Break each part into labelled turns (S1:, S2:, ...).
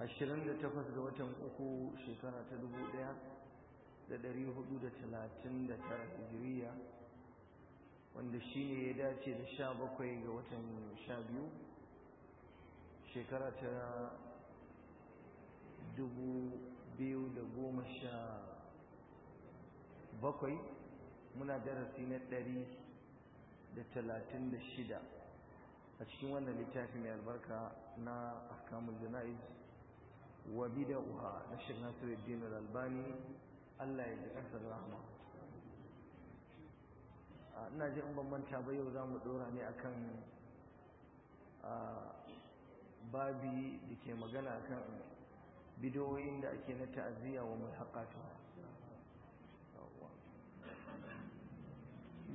S1: ashirin da takwas ga watan uku shekara ta dubu ɗaya da dari hudu da talatin da tara hijiriya wanda shi ne ya dace da sha bakwai ga watan sha biyu shekara ta dubu biyu da goma sha bakwai muna darasi na ɗari da talatin da shida a cikin wannan littafi mai albarka na ahkamul jana'iz wa uha na Sheikh Nasiruddin Al-Albani Allah ya ji kansa rahma ah, ina ji in ban manta ba yau zamu dora ne akan ah, babi da ke magana akan bidoyin da ake na ta'aziyya wa mai haƙatu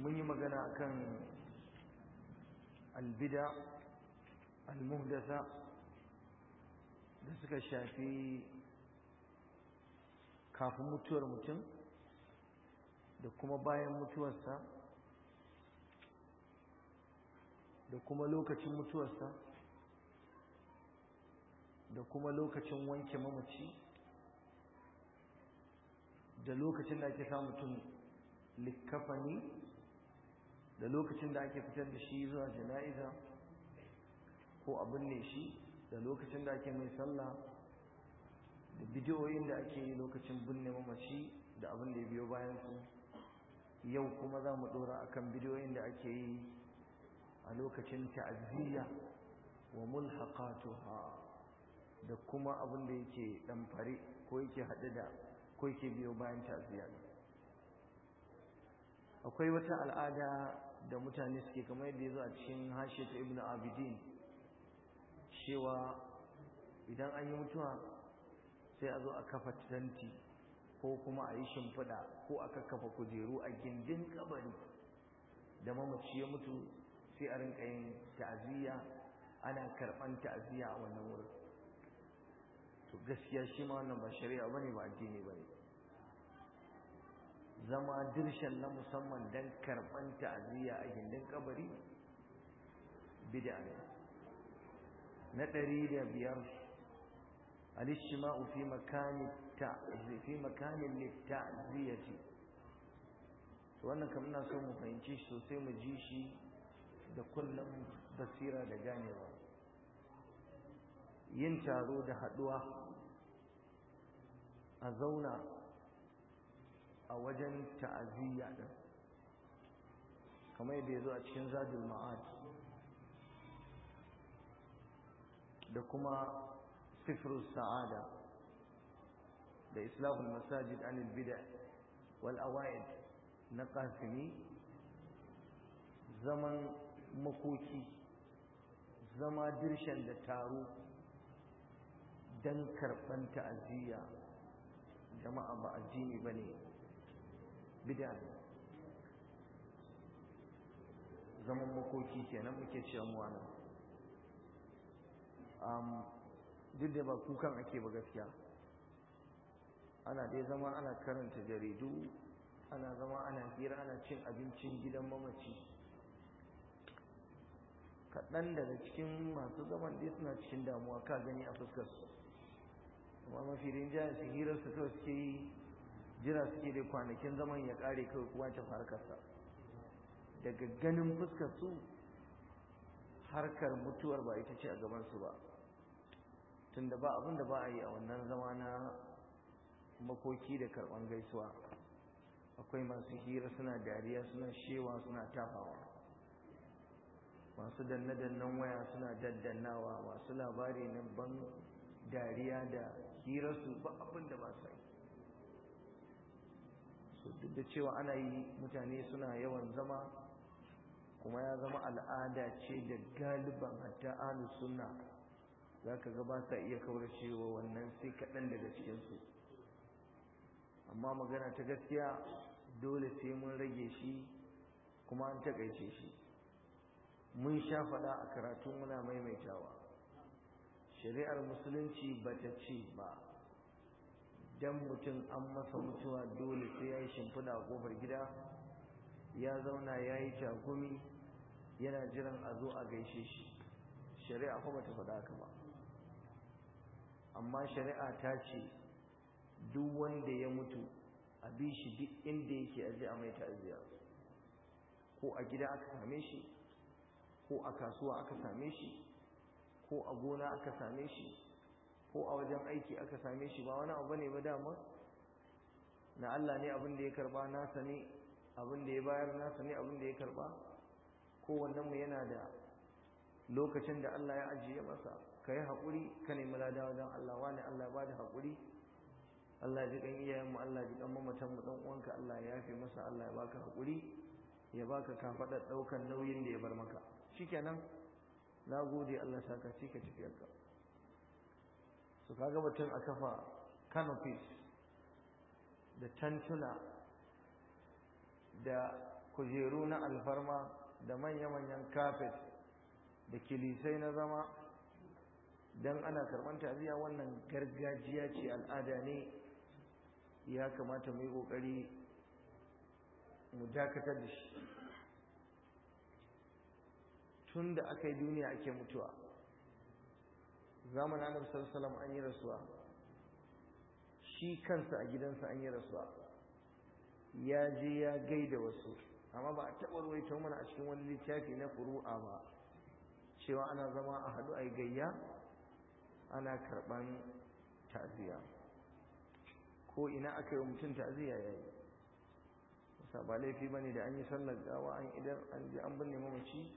S1: mun yi magana akan albida almuhdasa da suka shafi kafin mutuwar mutum da kuma bayan mutuwarsa da kuma lokacin mutuwarsa da kuma lokacin wanke mamaci da lokacin da ake sa mutum likkafani da lokacin da ake fitar da shi zuwa jana'iza ko abin ne shi da lokacin da ake mai sallah da bidiyoyin da ake yi lokacin binne mamaci da abin da ya biyo bayan su yau kuma za mu dora akan bidiyoyin da ake yi a lokacin ta'aziyya wa mulhaqatuha da kuma abin da yake damfare ko yake hadu da ko yake biyo bayan ta'aziyya akwai wata al'ada da mutane suke kamar yadda ya zo a cikin hashe ta ibnu abidin cewa idan an yi mutuwa sai a zo a kafa tanti ko kuma a yi shimfiɗa ko a kafa kujeru a gindin kabari da mamaci ya mutu sai a rinka yin ta'aziyya ana karɓan ta'aziyya a wannan wurin to gaskiya shi ma wannan ba shari'a bane ba addini bane zama dirshan na musamman don karɓar ta'aziyya a gindin kabari bid'a ne na ɗari da biyar alishima'u fi makanin ce wannan kamuna so mu fahimci shi sosai mu ji shi da kullum basira da ganewa yin taro da haɗuwa a zauna a wajen ta'aziyya ɗin kamar yadda ya zo a cikin zadul ma'ad da kuma sifrus sa'ada da islamun masajid anil bid'a wal awaid na kasimi zaman makoki zama dirshan da taro don karɓan ta'aziyya jama'a ba addini ba ne bid'a zaman makoki kenan muke cewa mu duk da ba kukan ake ba gaskiya ana dai zama ana karanta jaridu ana zama ana hira ana cin abincin gidan mamaci kaɗan daga cikin masu zaman dai suna cikin damuwa ka gani a fuskar su amma mafi rinjaya su hirar su kawai suke yi jira suke dai kwanakin zaman ya ƙare kawai kuma ta harkarsa daga ganin fuskar su harkar mutuwar ba ita ce a gabansu ba tunda ba abin da ba a yi a wannan zama na makoki da karɓar gaisuwa akwai masu hira suna dariya suna shewa suna tafawa masu danne-dannen waya suna daddannawa masu labari na ban dariya da su ba abin da ba su yi so duk da cewa ana yi mutane suna yawan zama kuma ya zama al'ada ce da galiban hatta ahlus suna za ka ga ba sa iya kawar cewa wannan sai kaɗan daga cikinsu amma magana ta gaskiya dole sai mun rage shi kuma an takaice shi mun sha faɗa a karatu muna maimaitawa shari'ar musulunci ba ta ce ba dan mutum an masa mutuwa dole sai ya yi shimfiɗa a ƙofar gida ya zauna ya yi takumi yana jiran a zo a gaishe shi shari'a kuma ta faɗa haka ba amma shari'a ta ce duk wanda ya mutu a bi shi duk inda yake aje a mai ta'aziya ko a gida aka same shi ko a kasuwa aka same shi ko a gona aka same shi ko a wajen aiki aka same shi ba wani abu ne ba dama na Allah ne abin da ya karba nasa ne abin da ya bayar nasa ne abin da ya karba kowannen mu yana da lokacin da Allah ya ajiye masa ka yi haƙuri ka nemi lada wajen Allah wani Allah ba da haƙuri Allah ji kan iyayenmu Allah ji kan mu ɗan uwanka Allah ya yafe masa Allah ya baka haƙuri ya baka faɗa ɗaukar nauyin da ya bar maka shikenan na gode Allah saka ci ka tafiyarka su kaga batun a kafa canopies da tantuna da kujeru na alfarma da manya-manyan kafet da kilisai na zama dan ana karban taziya wannan gargajiya ce al'ada ne ya kamata mu yi kokari mu dakatar da shi tun da aka yi duniya ake mutuwa zamanin annabi sallallahu alaihi wasallam an yi rasuwa shi kansa a gidansa an yi rasuwa ya je ya gaida wasu amma ba a taɓa ta mana a cikin wani littafi na furu'a ba cewa ana zama a haɗu a yi gayya ana karban ta'ziya ko ina aka yi mutum ta'ziya yayi wasa ba laifi ne da an yi sallar gawa an idan an ji an binne mamaci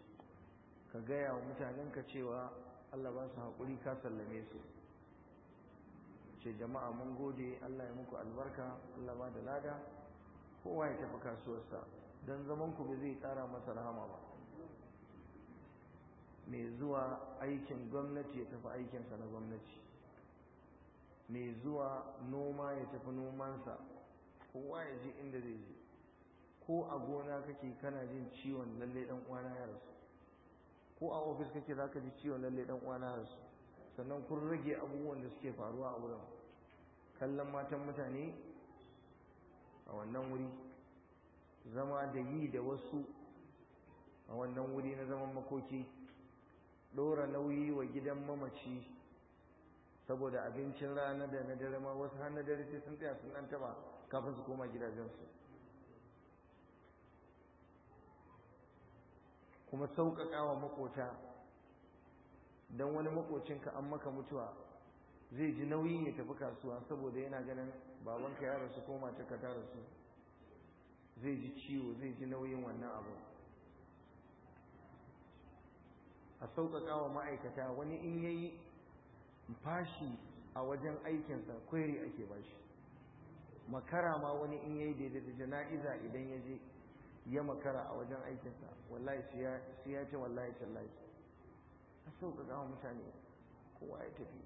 S1: ka gaya wa mutanen ka cewa Allah ba su haƙuri ka sallame su ce jama'a mun gode Allah ya muku albarka Allah ba da lada kowa ya tafi kasuwarsa don zaman ku ba zai ƙara masa rahama ba mai zuwa aikin gwamnati ya tafi aikinsa na gwamnati mai zuwa noma ya tafi nomansa kowa ya je inda zai je ko a gona kake kana jin ciwon lalle dan uwana ya rasu ko a ofis kake zaka ji ciwon lalle dan uwana ya rasu sannan kun rage abubuwan da suke faruwa a wurin kallon matan mutane a wannan wuri zama da yi da wasu a wannan wuri na zaman makoki ɗora nauyi wa gidan mamaci saboda abincin rana da na dare ma wasu har na dare sai sun tsaya sun ɗan taɓa kafin su koma gidajensu kuma sauƙaƙa wa makota don wani makocinka an maka mutuwa zai ji nauyin ya tafi kasuwa saboda yana ganin babanka ya rasu ko matarka ta rasu zai ji ciwo zai ji nauyin wannan abu a sauƙaƙa wa ma'aikata wani in yayi fashi a wajen aikinsa kweri ake bashi makara ma wani in yayi daidai da jana'iza idan ya je ya makara a wajen aikinsa wallahi shi ya ce wallahi tallahi a sauƙaƙa wa mutane kowa ya tafi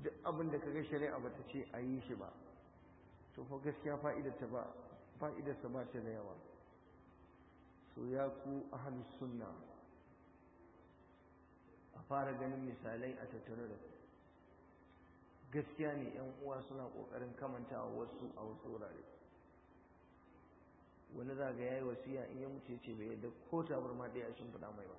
S1: duk abin da kaga shari'a ta ce a yi shi ba to fa gaskiya fa'idarta ba fa'idarsa ba shi da yawa so ya ku ahlus sunna a fara ganin misalai a tattare da ku gaskiya ne yan uwa suna kokarin kamantawa wasu a wasu wurare wani za ga yayi wasiya in ya mutu ce bai yadda ko ma ɗaya a shimfiɗa mai ba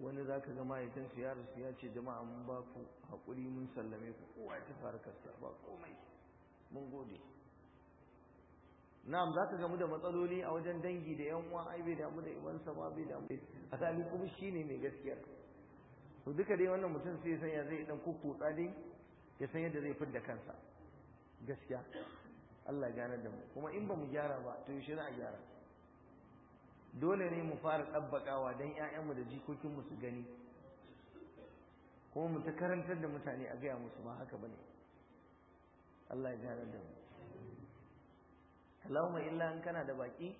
S1: wani za ka ga mahaifinsu ya rasu ya ce jama'a mun ba ku haƙuri mun sallame ku kowa ya fara harkarsa ba komai mun gode na'am za ka gamu da matsaloli a wajen dangi da yan uwa ai bai damu da imansa ba bai damu a sami kuma shi ne mai gaskiya. to duka dai wannan mutum sai san ya zai dan kukkutsa dai ya san yadda zai fidda kansa gaskiya Allah ya gane da mu kuma in ba mu gyara ba to yaushe za a gyara dole ne mu fara tabbakawa don 'ya'yanmu da jikokinmu su gani kuma mu ta karantar da mutane a gaya musu ba haka bane Allah ya gane da mu Allahumma illa in kana da baki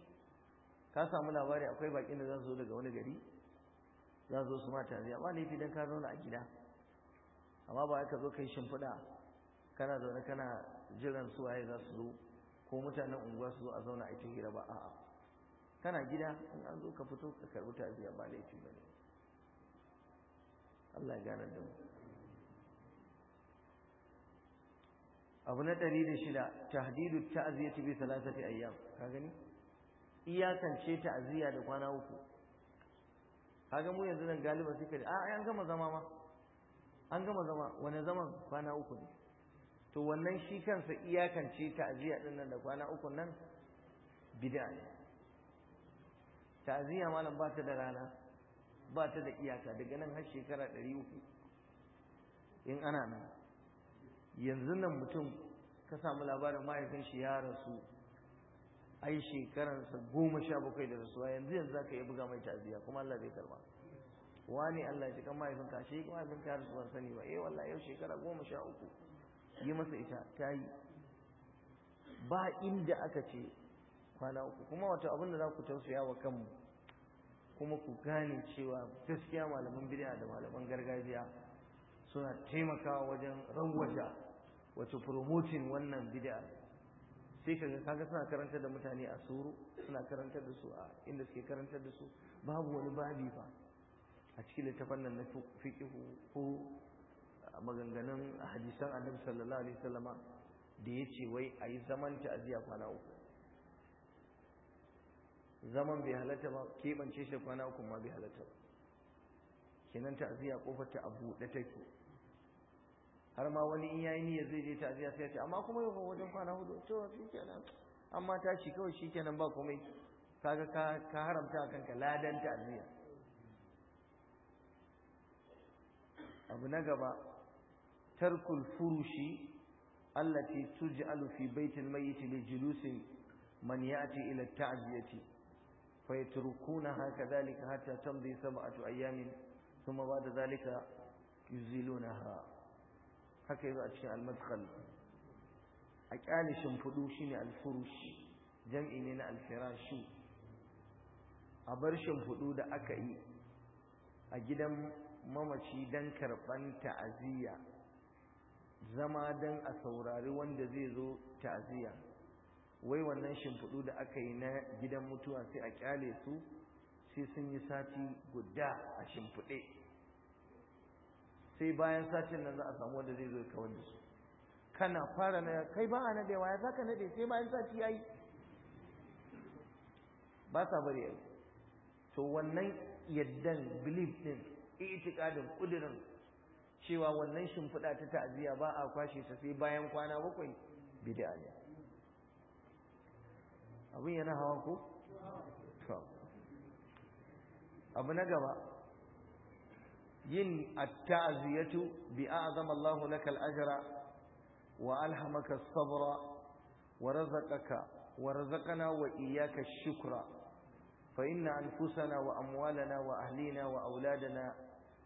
S1: ka samu labari akwai bakin da za su zo daga wani gari za su zo su mata zai amma laifi dan ka zauna a gida amma ba ka zo kai shimfiɗa kana zaune kana jiran su waye za su zo ko mutanen unguwa su zo a zauna a hira ba a'a kana gida in an zo ka fito ka karɓi tafiya ba laifi ba ne Allah ya gane da mu abu na ɗari da shida tahdidu ta bi thalathati ayyam ka gani iyakance ta'ziya da kwana uku kaga mu yanzu nan galiba suka da a an gama zama ma an gama zama wani zaman kwana uku ne to wannan shi kansa iyakance ta'ziya din nan da kwana uku nan bid'a ne ta'ziya malam ba ta da rana ba ta da iyaka daga nan har shekara ɗari uku in ana nan yanzu nan mutum ka samu labarin mahaifin shi ya rasu ai shekaransa goma sha bakwai da rasuwa yanzu yanzu zaka iya buga mai ta'aziyya kuma Allah zai karba wani Allah ya kan mahaifin ka shi kuma mahaifin ka rasu sani ba eh wallahi yau shekara goma sha uku yi masa ita ta yi ba inda aka ce kwana uku kuma wata abin da za ku tausaya wa kanmu kuma ku gane cewa gaskiya malaman bid'a da malaman gargajiya suna taimakawa wajen rawwaja wato promoting wannan bid'a sai kaga kaga suna karantar da mutane a suru suna karantar da su a inda suke karantar da su babu wani babi ba a cikin littafin nan na fiqh ko maganganun hadisan Annabi sallallahu alaihi wasallama da yace wai ayi zaman ta'aziya kwana uku zaman bai halatta ba keɓance shi kwana uku ma bai halatta ba kenan ta'aziya kofar ta abu da take har ma wani in yayi niyyar zai je ta'aziya sai ya ce amma kuma yau wajen kwana hudu to shikenan amma tashi kawai shikenan ba komai kaga ka ka haramta kanka ladan ta'aziya abu na gaba tarkul furushi allati tuj'alu fi baitil mayyit li julusi man ya'ti ila ta'ziyati yatrukuna hakadhalika hatta tamdi sab'atu ayamin thumma ba'da dhalika yuzilunaha haka yazo a cikin al a kyale shimfudu shi ne alfurushi jam'i ne na alfirashi a bar shimfudu da aka yi a gidan mamaci don karɓar ta'aziyya zama don a saurari wanda zai zo ta'aziyya wai wannan shimfudu da aka yi na gidan mutuwa sai a kyale su sai sun yi sati guda a shimfude sai bayan satin nan za a samu wanda zai zo ya kawar da su kana fara na kai ba a waya ya ka nade sai bayan sati yi ba sa bari yi to wannan yaddan bilif din itikadin kudirin cewa wannan shimfiɗa ta ta'aziyya ba a kwashe ta sai bayan kwana bakwai bid'a ne abin yana hawa ko abu na gaba yin at-ta'ziyatu bi a'zama Allahu laka al-ajra wa alhamaka as-sabra wa razaqaka wa razaqana wa iyyaka ash-shukra fa inna anfusana wa amwalana wa ahlina wa awladana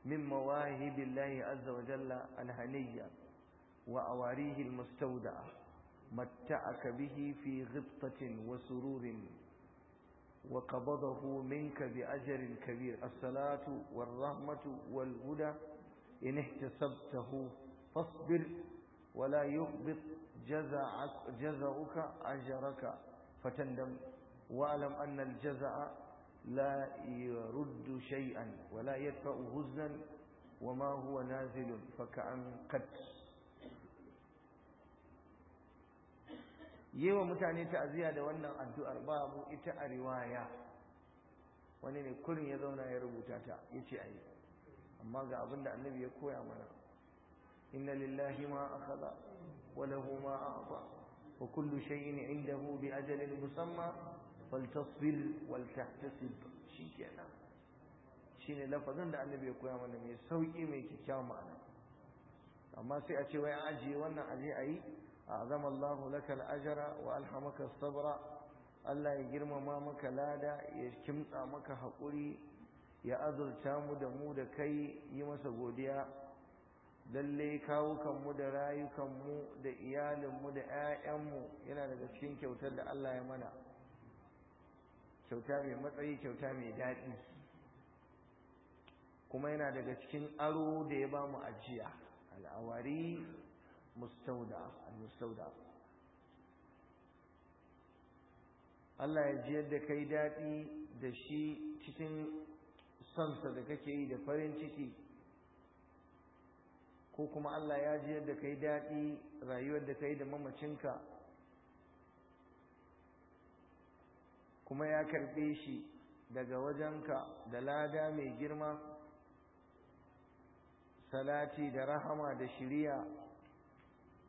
S1: min mawahib Allah azza wa jalla al-haniyya wa awarihi al-mustawda'a matta'aka bihi fi ghibtatin wa sururin وقبضه منك بأجر كبير الصلاة والرحمة والهدى إن احتسبته فاصبر ولا يقبض جزعك أجرك فتندم واعلم أن الجزع لا يرد شيئا ولا يدفع هزنا وما هو نازل فكأن قد yi wa mutane ta'aziyya da wannan addu'ar babu ita a riwaya wani ne kurin ya zauna ya rubuta ta ya ce a yi amma ga abin da annabi ya koya mana inna lillahi ma akhadha wa lahu ma a'ta wa kullu shay'in 'indahu bi ajalin musamma faltasbir wal tahtasib shikenan shine lafazin da annabi ya koya mana mai sauki mai kyakkyawan ma'ana amma sai a ce wai ajiye wannan aje a yi أعظم الله لك الأجر وألحمك الصبر ألا يجرم ما مك لادا يشكم أمك حقوري يا أذل تامو دمو دكي يمس غوديا للي kawukanmu da rayukanmu da iyalinmu da 'ya'yanmu yana daga cikin kyautar da Allah ya mana kyauta mai matsayi kyauta mai daɗi kuma yana daga cikin aro da ya bamu ajiya al'awari mustauda al Allah ya ji yadda kai daɗi da shi cikin sonsa da kake yi da farin ciki ko kuma Allah ya ji yadda kai daɗi rayuwar da kai da mamacinka kuma ya karɓe shi daga wajenka da lada mai girma salati da rahama da shiriya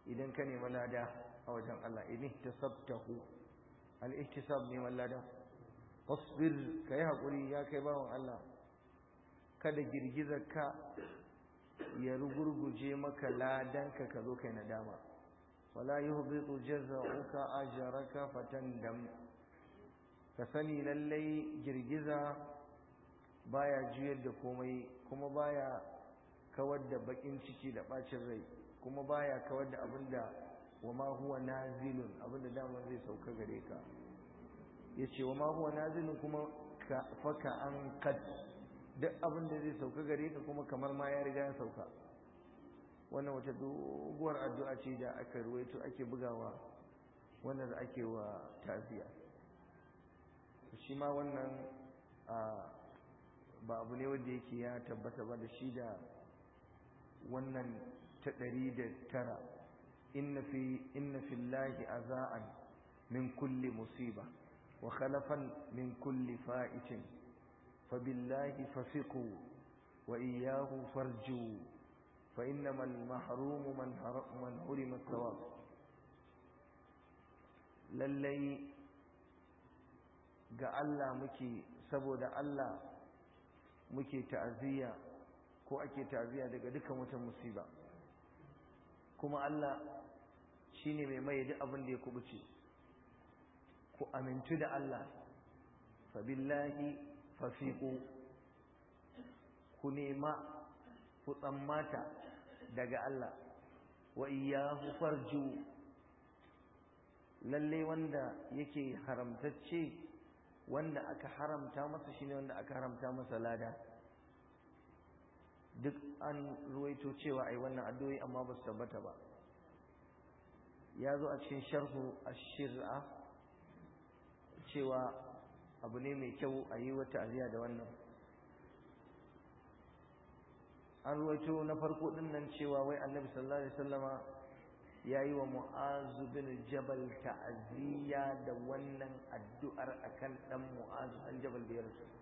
S1: idan ka nemi lada a wajen Allah ta sabta ku al ihtisab neman lada fasbir ka yi haƙuri ya kai bawan Allah kada girgizar ka ya rugurguje maka ladan ka ka zo kai nadama wala yuhbitu jazauka ajraka fatandam ka sani lallai girgiza baya juyar da komai kuma baya kawar da bakin ciki da ɓacin rai kuma baya kawar da abin da wa ma huwa nazilun abin da dama zai sauka gare ka Ya ce wa ma huwa nazilun kuma ka faka an kad duk abin da zai sauka gare ka kuma kamar ma ya riga ya sauka wannan wata doguwar addu'a ce da aka ruwaito ake bugawa wannan da ake wa taziya shi ma wannan ba abu ne wanda yake ya tabbata ba da shi da wannan ترى إن في إن في الله أذاء من كل مصيبة وخلفا من كل فائت فبالله ففقوا وإياه فرجوا فإنما المحروم من من حرم الثواب للي ga Allah مكي saboda Allah muke ta'aziyya ko ake ta'aziyya daga dukkan wata kuma Allah ne mai mai duk abin da ya kubuce ku amintu da Allah fa billahi ku nema ku tsammata daga Allah wa iyyahu farju lalle wanda yake haramtacce wanda aka haramta masa shi ne wanda aka haramta masa lada duk an ruwaito cewa ai wannan addu'o'i amma ba su tabbata ba ya zo a cikin sharhu ash-shir'a cewa abu ne mai kyau a yi wata aziya da wannan an ruwaito na farko din nan cewa wai annabi sallallahu alaihi wasallama ya yi wa mu'azu bin jabal ta'aziyya da wannan addu'ar akan dan mu'azu an jabal da ya rasu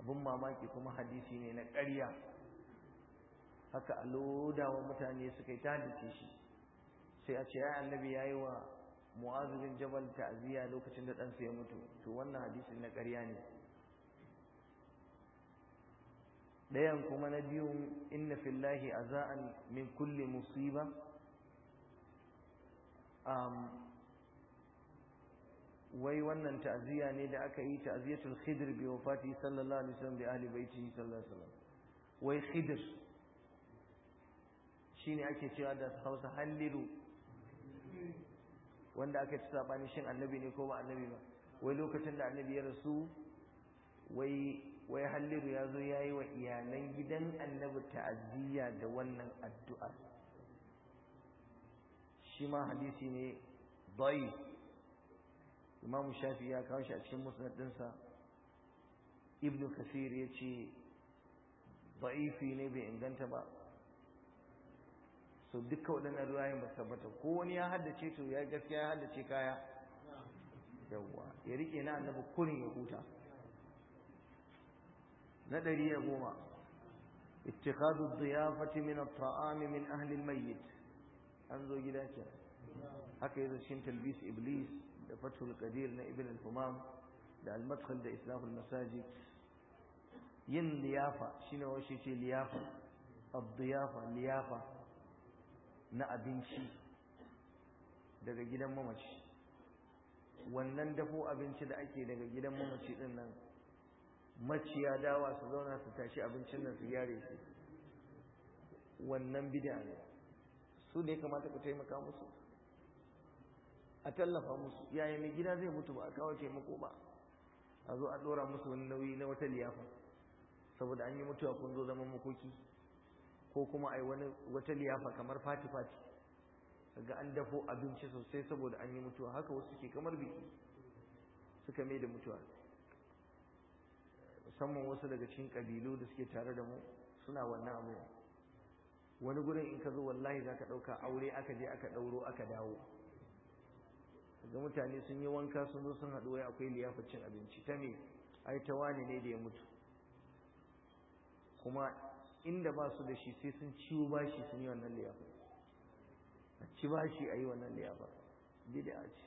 S1: abin mamaki kuma hadisi ne na ƙarya haka a lodawa mutane suka yi tadice shi sai a ce ya annabi ya yi wa mu'azubin jabal ta'aziyya lokacin da ɗansu ya mutu to wannan hadisi na ƙarya ne ɗayan kuma na biyu inna fillahi za'an min kulli musiba wai wannan ta'aziyya ne da aka yi ta'aziyatul khidr bi wafati sallallahu alaihi wasallam bi ahli baiti sallallahu alaihi wasallam wai khidr shine ake cewa da Hausa halliru wanda aka ci sabani shin annabi ne ko ba annabi ba wai lokacin da annabi ya rasu wai wai halliru ya zo yayi wa iyalan gidan annabi ta'aziyya da wannan addu'ar shi ma hadisi ne dai imam shafi ya kawo shi a cikin musnad dinsa ibn kasir ya ce ba'ifi ne bai inganta ba so duka waɗannan ruwayen ba tabbata ko wani ya haddace to ya gaskiya ya haddace kaya yawwa ya rike na annabi kurin ya huta na ɗari ya goma Ittikadu اتخاذ الضيافة من الطعام من أهل An zo إلى haka هكذا shin talbis Iblis. da fatul Kadir na ibn al-humam da al-madkhal da islahul masajid yin liyafa shine washe ce liyafa abdiyafa liyafa na abinci daga gidan mamaci wannan dafo abinci da ake daga gidan mamaci din nan maciya dawa su zauna su tashi abincin nan su yare shi wannan bid'a ne su ne kamata ku taimaka musu a tallafa musu yaya mai gida zai mutu ba a kawo taimako ba a zo a ɗora musu wani nauyi na wata liyafa saboda an yi mutuwa kun zo zaman makoki ko kuma yi wani wata liyafa kamar fati fati ga an dafo abinci sosai saboda an yi mutuwa haka wasu ke kamar biki suka mai da mutuwa musamman wasu daga cikin kabilu da suke tare da mu suna wannan abu wani gurin in ka zo wallahi za ka dauka aure aka je aka dauro aka dawo ga mutane sun yi wanka sun zo sun haɗu wai akwai liyafar cin abinci ta me ai ta wani ne da ya mutu kuma inda ba su da shi sai sun ciwo bashi sun yi wannan liyafar a ci bashi a yi wannan liyafar liyafa bid'a ce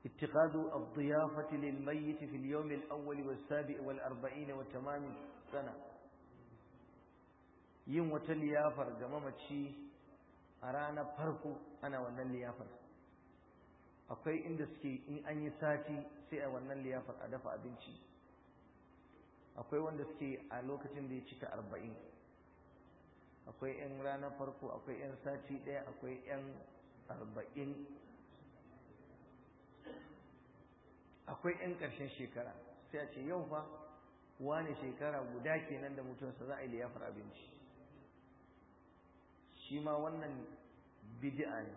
S1: اتخاذ الضيافة للميت في اليوم الأول والسابع والأربعين وتمام سنة yin wata liyafar ga mamaci a ranar farko ana wannan liyafar akwai inda suke in an yi sati sai a wannan liyafar a dafa abinci akwai wanda suke a lokacin da ya cika arba'in akwai 'yan ranar farko akwai 'yan sati ɗaya akwai 'yan arba'in akwai 'yan ƙarshen shekara sai a ce yau fa wani shekara guda kenan da mutuwarsa za a yi liyafar abinci shi ma wannan bid'a ne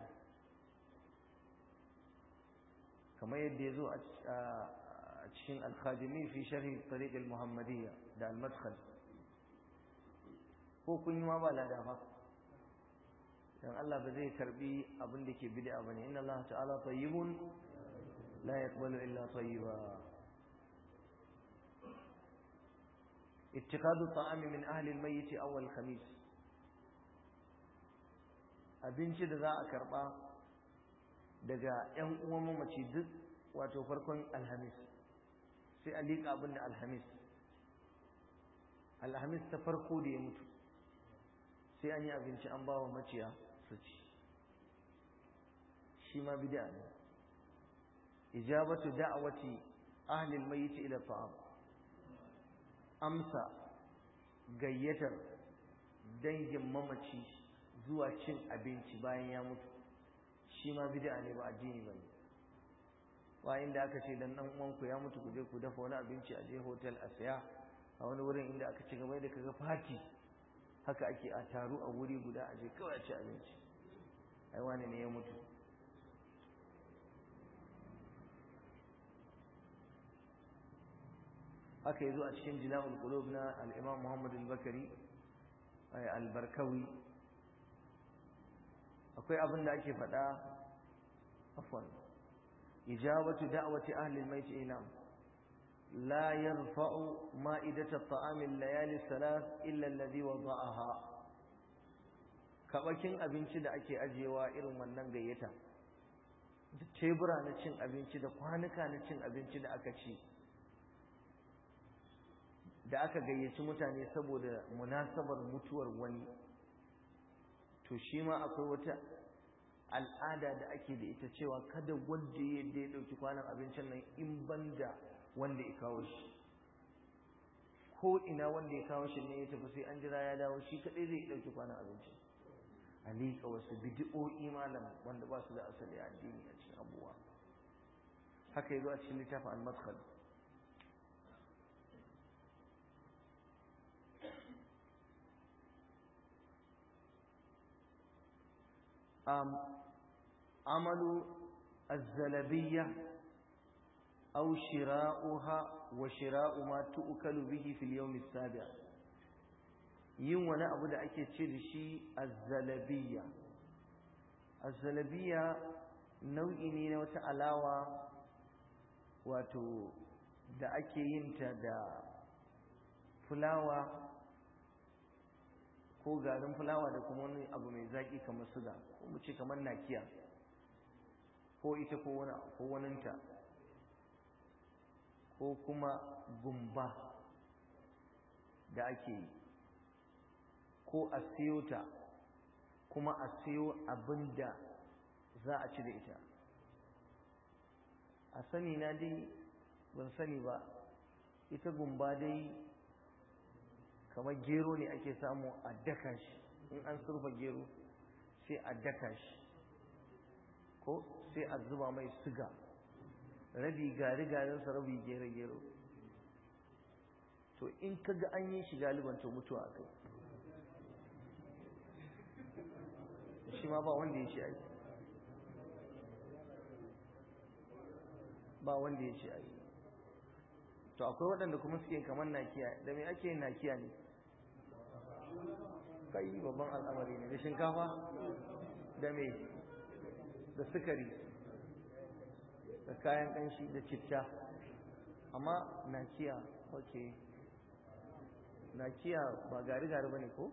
S1: kamar yadda ya zo a cikin al-khadimi fi sharhi tariq al-muhammadiyya da al-madkhal ko kun yi ma ba lada ba dan Allah ba zai karbi abin da ke bid'a bane inna Allah ta'ala tayyibun la yaqbalu illa tayyiba ittiqadu ta'ami min ahli al-mayyit awwal khamis abinci da za a karba daga yan uwan mamaci duk wato farkon alhamis sai a liƙa abin da alhamis alhamis ta farko da ya mutu sai an yi abinci an ba wa maciya su ci shi ma bid'a ne ijabatu da'awati ahli al-mayyit ila ta'am amsa gayyatar dangin mamaci zuwa cin abinci bayan ya mutu shi ma bid'a ne ba addini ba ne wa inda aka ce dan dan uwanku ya mutu ku je ku dafa wani abinci a je hotel a saya a wani wurin inda aka ci gaba da kaga fati haka ake a taru a wuri guda a je kawai a ci abinci ai wani ne ya mutu haka yazo a cikin jila'ul qulub na al-imam Muhammad al-Bakari al-Barkawi akwai abin da ake faɗa afwan ijabatu da'wati ahli al-mayt ila eh, la yarfa'u ma'idata taam al-layali thalath illa alladhi wada'aha kabakin abinci da ake ajewa irin wannan gayyata da tebura na cin abinci da kwanuka na cin abinci da aka ci da aka gayyaci mutane saboda munasabar mutuwar wani to shi ma akwai wata al'ada da ake da ita cewa kada wanda ya da ya ɗauki kwanan abincin nan in banda wanda ya kawo shi ko ina wanda ya kawo shi ne ya tafi sai an jira ya dawo shi kaɗai zai ɗauki kwanan abincin a liƙa wasu bidi'o'i malam wanda ba su da asali addini a cikin abubuwa haka zo a cikin littafin al-madkhal عمل au أو شراؤها وشراء ما تؤكل به في اليوم السابع yin wani abu da ake ce da shi azzalabiya azzalabiya nau'i ne na wata alawa wato da ake yinta da fulawa ko garin fulawa da kuma wani abu mai zaƙi kamar suga ko mu ce kamar nakiya ko ita ko wani ko waninta ko kuma gumba da ake yi ko a siyo ta kuma a siyo abin da za a ci da ita a sani na dai ban sani ba ita gumba dai kamar gero ne ake samu a daka shi in an surfa gero sai a daka shi ko sai a zuba mai suga rabi gari garinsa rabi gero gero to in kaga an yi shi galiban to mutuwa a kai
S2: shi ma ba wanda ya ce ai
S1: ba wanda ya ce ai to akwai waɗanda kuma suke kamar nakiya da me ake yin nakiya ne
S2: kai babban al'amari ne da shinkafa da me da sukari
S1: da kayan ƙanshi da citta amma nakiya oke nakiya ba gari-gari ba ne ko?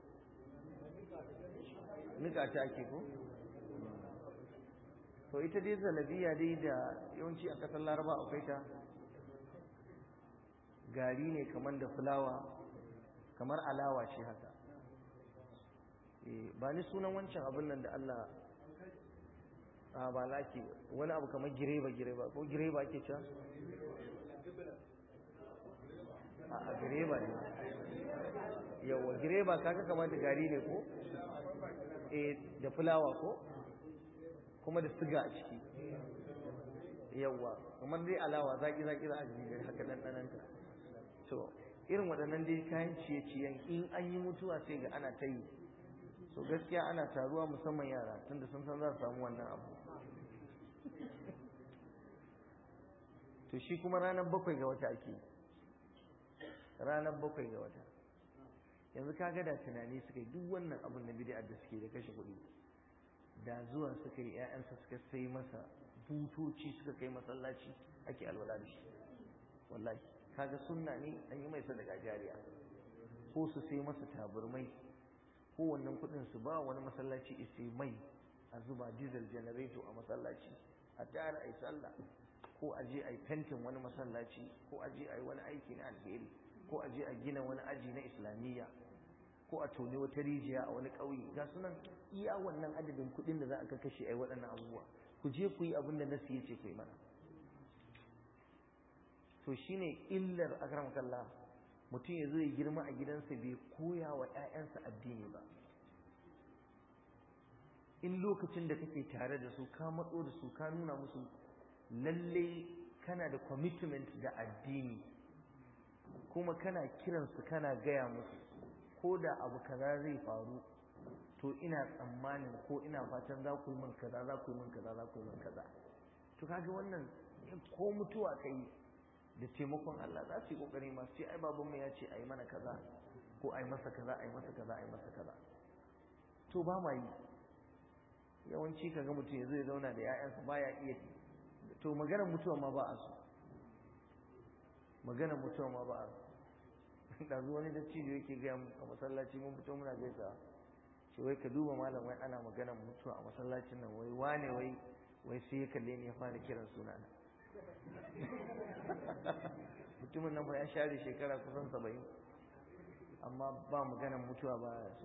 S2: nika ta ake ko?
S1: to ita dai zalabiya dai da yawanci a ƙasar laraba akwai ta gari ne kamar da fulawa kamar alawa shi haka Eh, ba ni sunan wancan abin nan da Allah a ba laki wani abu kamar gireba gireba ko gireba ke cewa
S2: a gireba ne yawa gireba
S1: kaka kamar da gari ne ko eh da fulawa ko kuma da siga a ciki yawa kamar dai alawa zaki zaki za a ji haka ka. to irin waɗannan dai kayan ciye-ciyen in an yi mutuwa sai ga ana ta yi so gaskiya ana taruwa musamman yara tunda sun san za su samu wannan abu to shi kuma ranar bakwai ga wata ake ranar bakwai ga wata yanzu kaga da tunani suka yi duk wannan abin na bidiyar da suke da kashe kuɗi da zuwa suka yi 'ya'yansa suka sai masa butoci suka kai masallaci ake alwala da shi wallahi kaga sunna ne an yi mai sadaka jariya ko su sai masa taburmai kowannen kuɗin su ba wani masallaci isi mai a zuba diesel generator a masallaci a tare a yi sallah ko a je a yi fentin wani masallaci ko a je a yi wani aiki na alheri ko a je a gina wani aji na islamiyya ko a tone wata rijiya a wani ƙauye ga sunan iya wannan adadin kuɗin da za a kashe a yi waɗannan abubuwa ku je ku yi abin da nasu ya ce ku yi mana to shine illar akramakallah mutum ya zo ya girma a gidansa bai koya wa 'ya'yansa addini ba in lokacin da kake tare da su ka matso da su ka nuna musu lalle kana da commitment da addini kuma kana kiransu kana gaya musu ko da abu kaza zai faru to ina tsammanin ko ina fatan za ku yi min kaza za ku yi min kaza za ku yi min kaza to kaga wannan ko mutuwa kai da taimakon Allah za su yi kokari ma sai ai babanmu ya ce ai mana kaza ko ai masa kaza ai masa kaza ai masa kaza to ba ma yi yawanci kaga mutum ya zai ya zauna da ƴaƴansa baya iya to maganar mutuwa ma ba a so maganar mutuwa ma ba a so ɗazu wani dattijo yake gaya a masallaci mun fito muna gaisa ce wai ka duba malam wai ana maganar mutuwa a masallacin nan wai wane wai wai sai ya kalle ni ya fara kiran sunana mutumin nan ba ya share shekara kusan saba'in amma ba maganan mutuwa ba ya so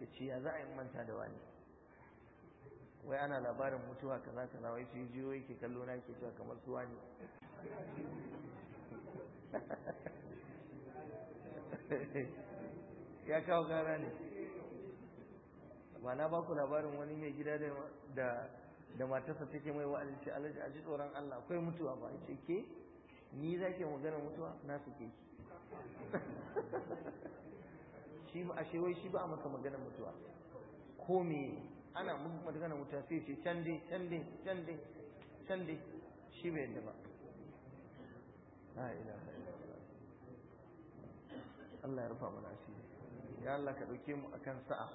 S1: ya ce ya za a yi manta da wani wai ana labarin mutuwa ka za wai su jiyo yake kallo na yake cewa kamar su wani ya kawo gara ne ba na baku labarin wani mai gida da da matarsa take mai wa'azi ce alaji aji tsoron Allah akwai mutuwa ba ce ke ni za ke magana mutuwa na su ke shi ba shewai shi ba maka magana mutuwa ko me ana magana mutuwa sai ce can dai can dai can dai can dai shi bai yadda ba Allah ya rufa mana asiri ya Allah ka dauke mu akan sa'a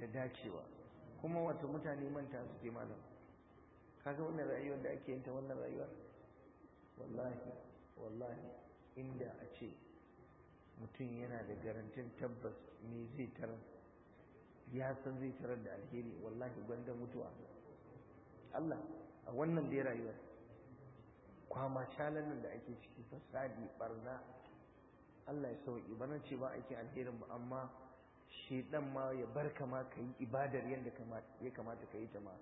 S1: da dacewa kuma wato mutane manta su ke malam kaga wannan rayuwar da ake yanta wannan rayuwar wallahi wallahi inda a ce mutum yana da garantin tabbas me zai tarar ya san zai tarar da alheri wallahi gwandon mutuwa Allah a wannan dai rayuwar kwama shalan da ake ciki fasadi barna Allah ya sauki bana ce ba ake alherin ba amma shedan ma ya barka ma ka yi ibadar yadda ya kamata ka yi ta ma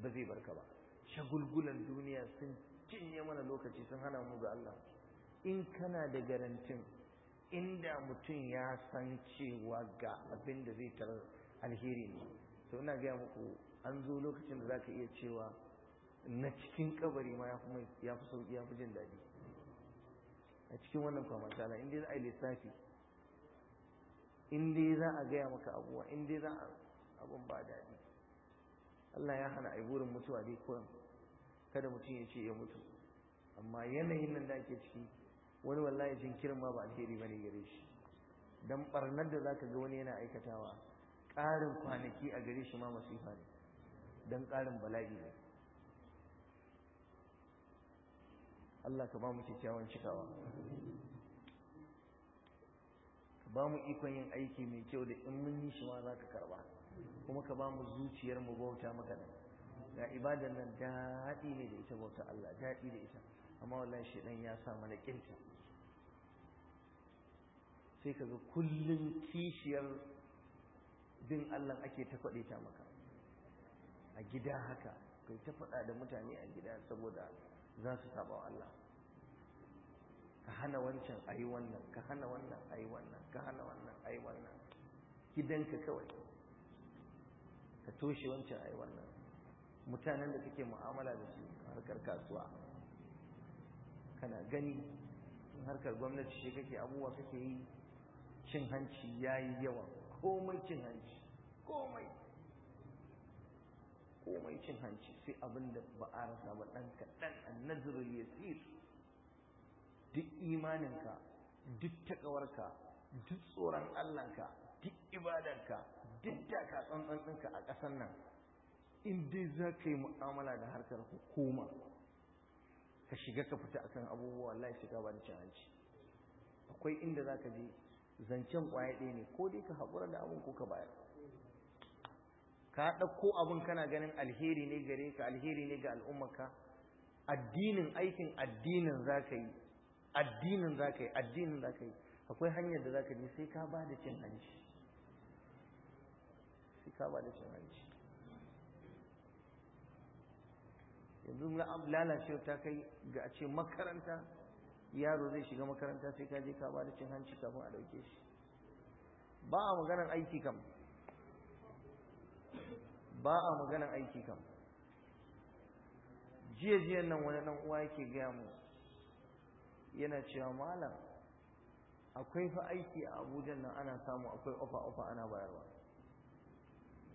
S1: ba zai barka ba shagulgulan duniya sun cinye mana lokaci sun hana mu ga Allah in kana da garantin inda mutum ya san cewa ga abin da zai tarar alheri ne to ina gaya muku an zo lokacin da zaka iya cewa na cikin kabari ma ya fi sauki ya fi jin daɗi a cikin wannan kwamata na inda za a lissafi in za a gaya maka abuwa in za a abun ba daɗi Allah ya hana ai burin mutuwa dai kada mutum ya ce ya mutu amma yanayin nan da ake ciki wani wallahi jin kirin ma ba alheri bane gare shi dan barnar da ka ga wani yana aikatawa ƙarin kwanaki a gare shi ma masifa ne dan ƙarin bala'i ne Allah ka ba mu kyakkyawan cikawa ba mu ikon yin aiki mai kyau da in mun yi shi ma za ka karba kuma ka ba mu zuciyar mu bauta maka nan ga ibadar nan daɗi ne da ita bauta Allah daɗi da ita amma wallahi shi dan ya sa mana kirki sai ka ga kullun kishiyar bin Allah ake ta kwade ta maka a gida haka kai ta faɗa da mutane a gida saboda za su saba Allah ka hana wancan a yi wannan ka hana wannan a yi wannan ka hana wannan a yi wannan gidanka kawai ka toshe wancan a yi wannan mutanen da kake mu'amala da su harkar kasuwa kana gani in harkar gwamnati shi kake abubuwa kake yi cin hanci ya yi yawa komai cin hanci komai komai cin hanci sai abin da ba a rasa ba ɗan kaɗan nazarin yasir duk imaninka duk takawarka duk tsoron Allahnka duk ibadarka duk taka tsantsantsinka a ƙasar nan in dai za ka yi mu'amala da harkar hukuma ka shiga ka fita akan abubuwa wallahi shiga ba da hanci akwai inda za ka je zancen ƙwaya ɗaya ne ko dai ka haƙura da abin ko ka bayar ka ɗauko abin kana ganin alheri ne gare ka alheri ne ga al'ummarka addinin aikin addinin za ka yi addinin za ka yi addinin za ka yi akwai hanyar da za ka yi sai ka ba da cin hanci sai ka ba da cin hanci yanzu lalacewa ta kai ga a ce makaranta yaro zai shiga makaranta sai ka je ka ba da cin hanci kafin a ɗauke shi ba a maganar aiki kam ba a maganar aiki kam jiya jiyan nan wani ɗan uwa yake gaya mu yana cewa malam akwai fa aiki a abuja nan ana samu akwai ofa ofa ana bayarwa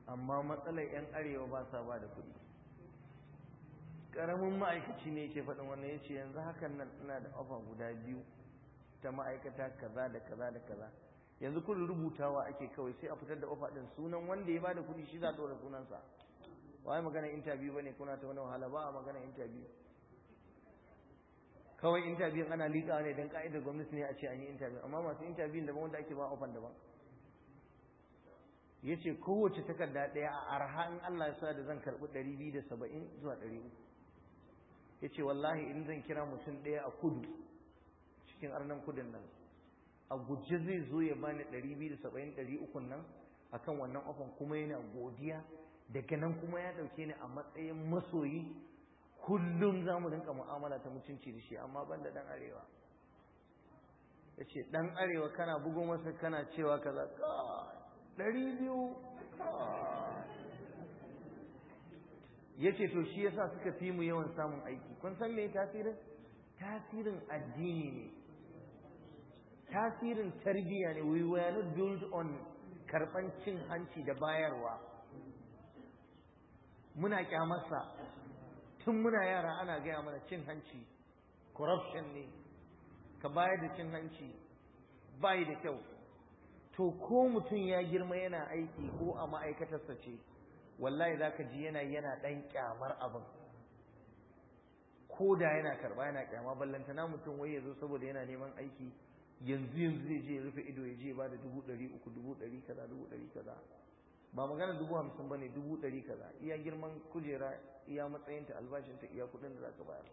S1: amma matsalar 'yan arewa ba sa ba da kuɗi ƙaramin ma'aikaci ne ke faɗin wannan ya ce yanzu hakan nan ina da ofa guda biyu ta ma'aikata kaza da kaza da kaza yanzu kudi rubutawa ake kawai sai a fitar da ofa ɗin sunan wanda ya bada kuɗi shi za a ɗora sunansa wai magana interview ne kuna ta wani wahala ba a magana interview kawai interview ana liƙawa ne don ka'idar gwamnati ne a ce an yi interview amma masu interview daban wanda ake ba ofan daban ya ce kowace takarda ɗaya a arha in Allah ya sa da zan karɓi ɗari biyu da saba'in zuwa ɗari uku ya ce wallahi in zan kira mutum ɗaya a kudu cikin arnan kudin nan a guje zai zo ya bani ɗari biyu da saba'in ɗari uku nan akan wannan ofan kuma yana godiya daga nan kuma ya ɗauke ni a matsayin masoyi kullum za mu rinka mu'amala ta mutunci da shi amma ban da ɗan arewa ya ce ɗan arewa kana bugo masa kana cewa kaza ɗari biyu ya ce to shi yasa suka fi mu yawan samun aiki kun san me tasirin tasirin addini ne tasirin tarbiyya ne we were not built on karɓan cin hanci da bayarwa muna kyamarsa tun muna yara ana gaya mana cin hanci corruption ne ka bayar da cin hanci bayi da kyau to ko mutum ya girma yana aiki ko a ma'aikatarsa ce wallahi za ka ji yana yana ɗan kyamar abin ko da yana karba yana kyama ballantana mutum wai zo saboda yana neman aiki yanzu yanzu zai je ya rufe ido ya je ba da dubu ɗari uku dubu ɗari kaza dubu ɗari kaza ba magana dubu hamsin ba ne dubu ɗari kaza iya girman kujera iya matsayinta albashinta iya kuɗin da za ka bayar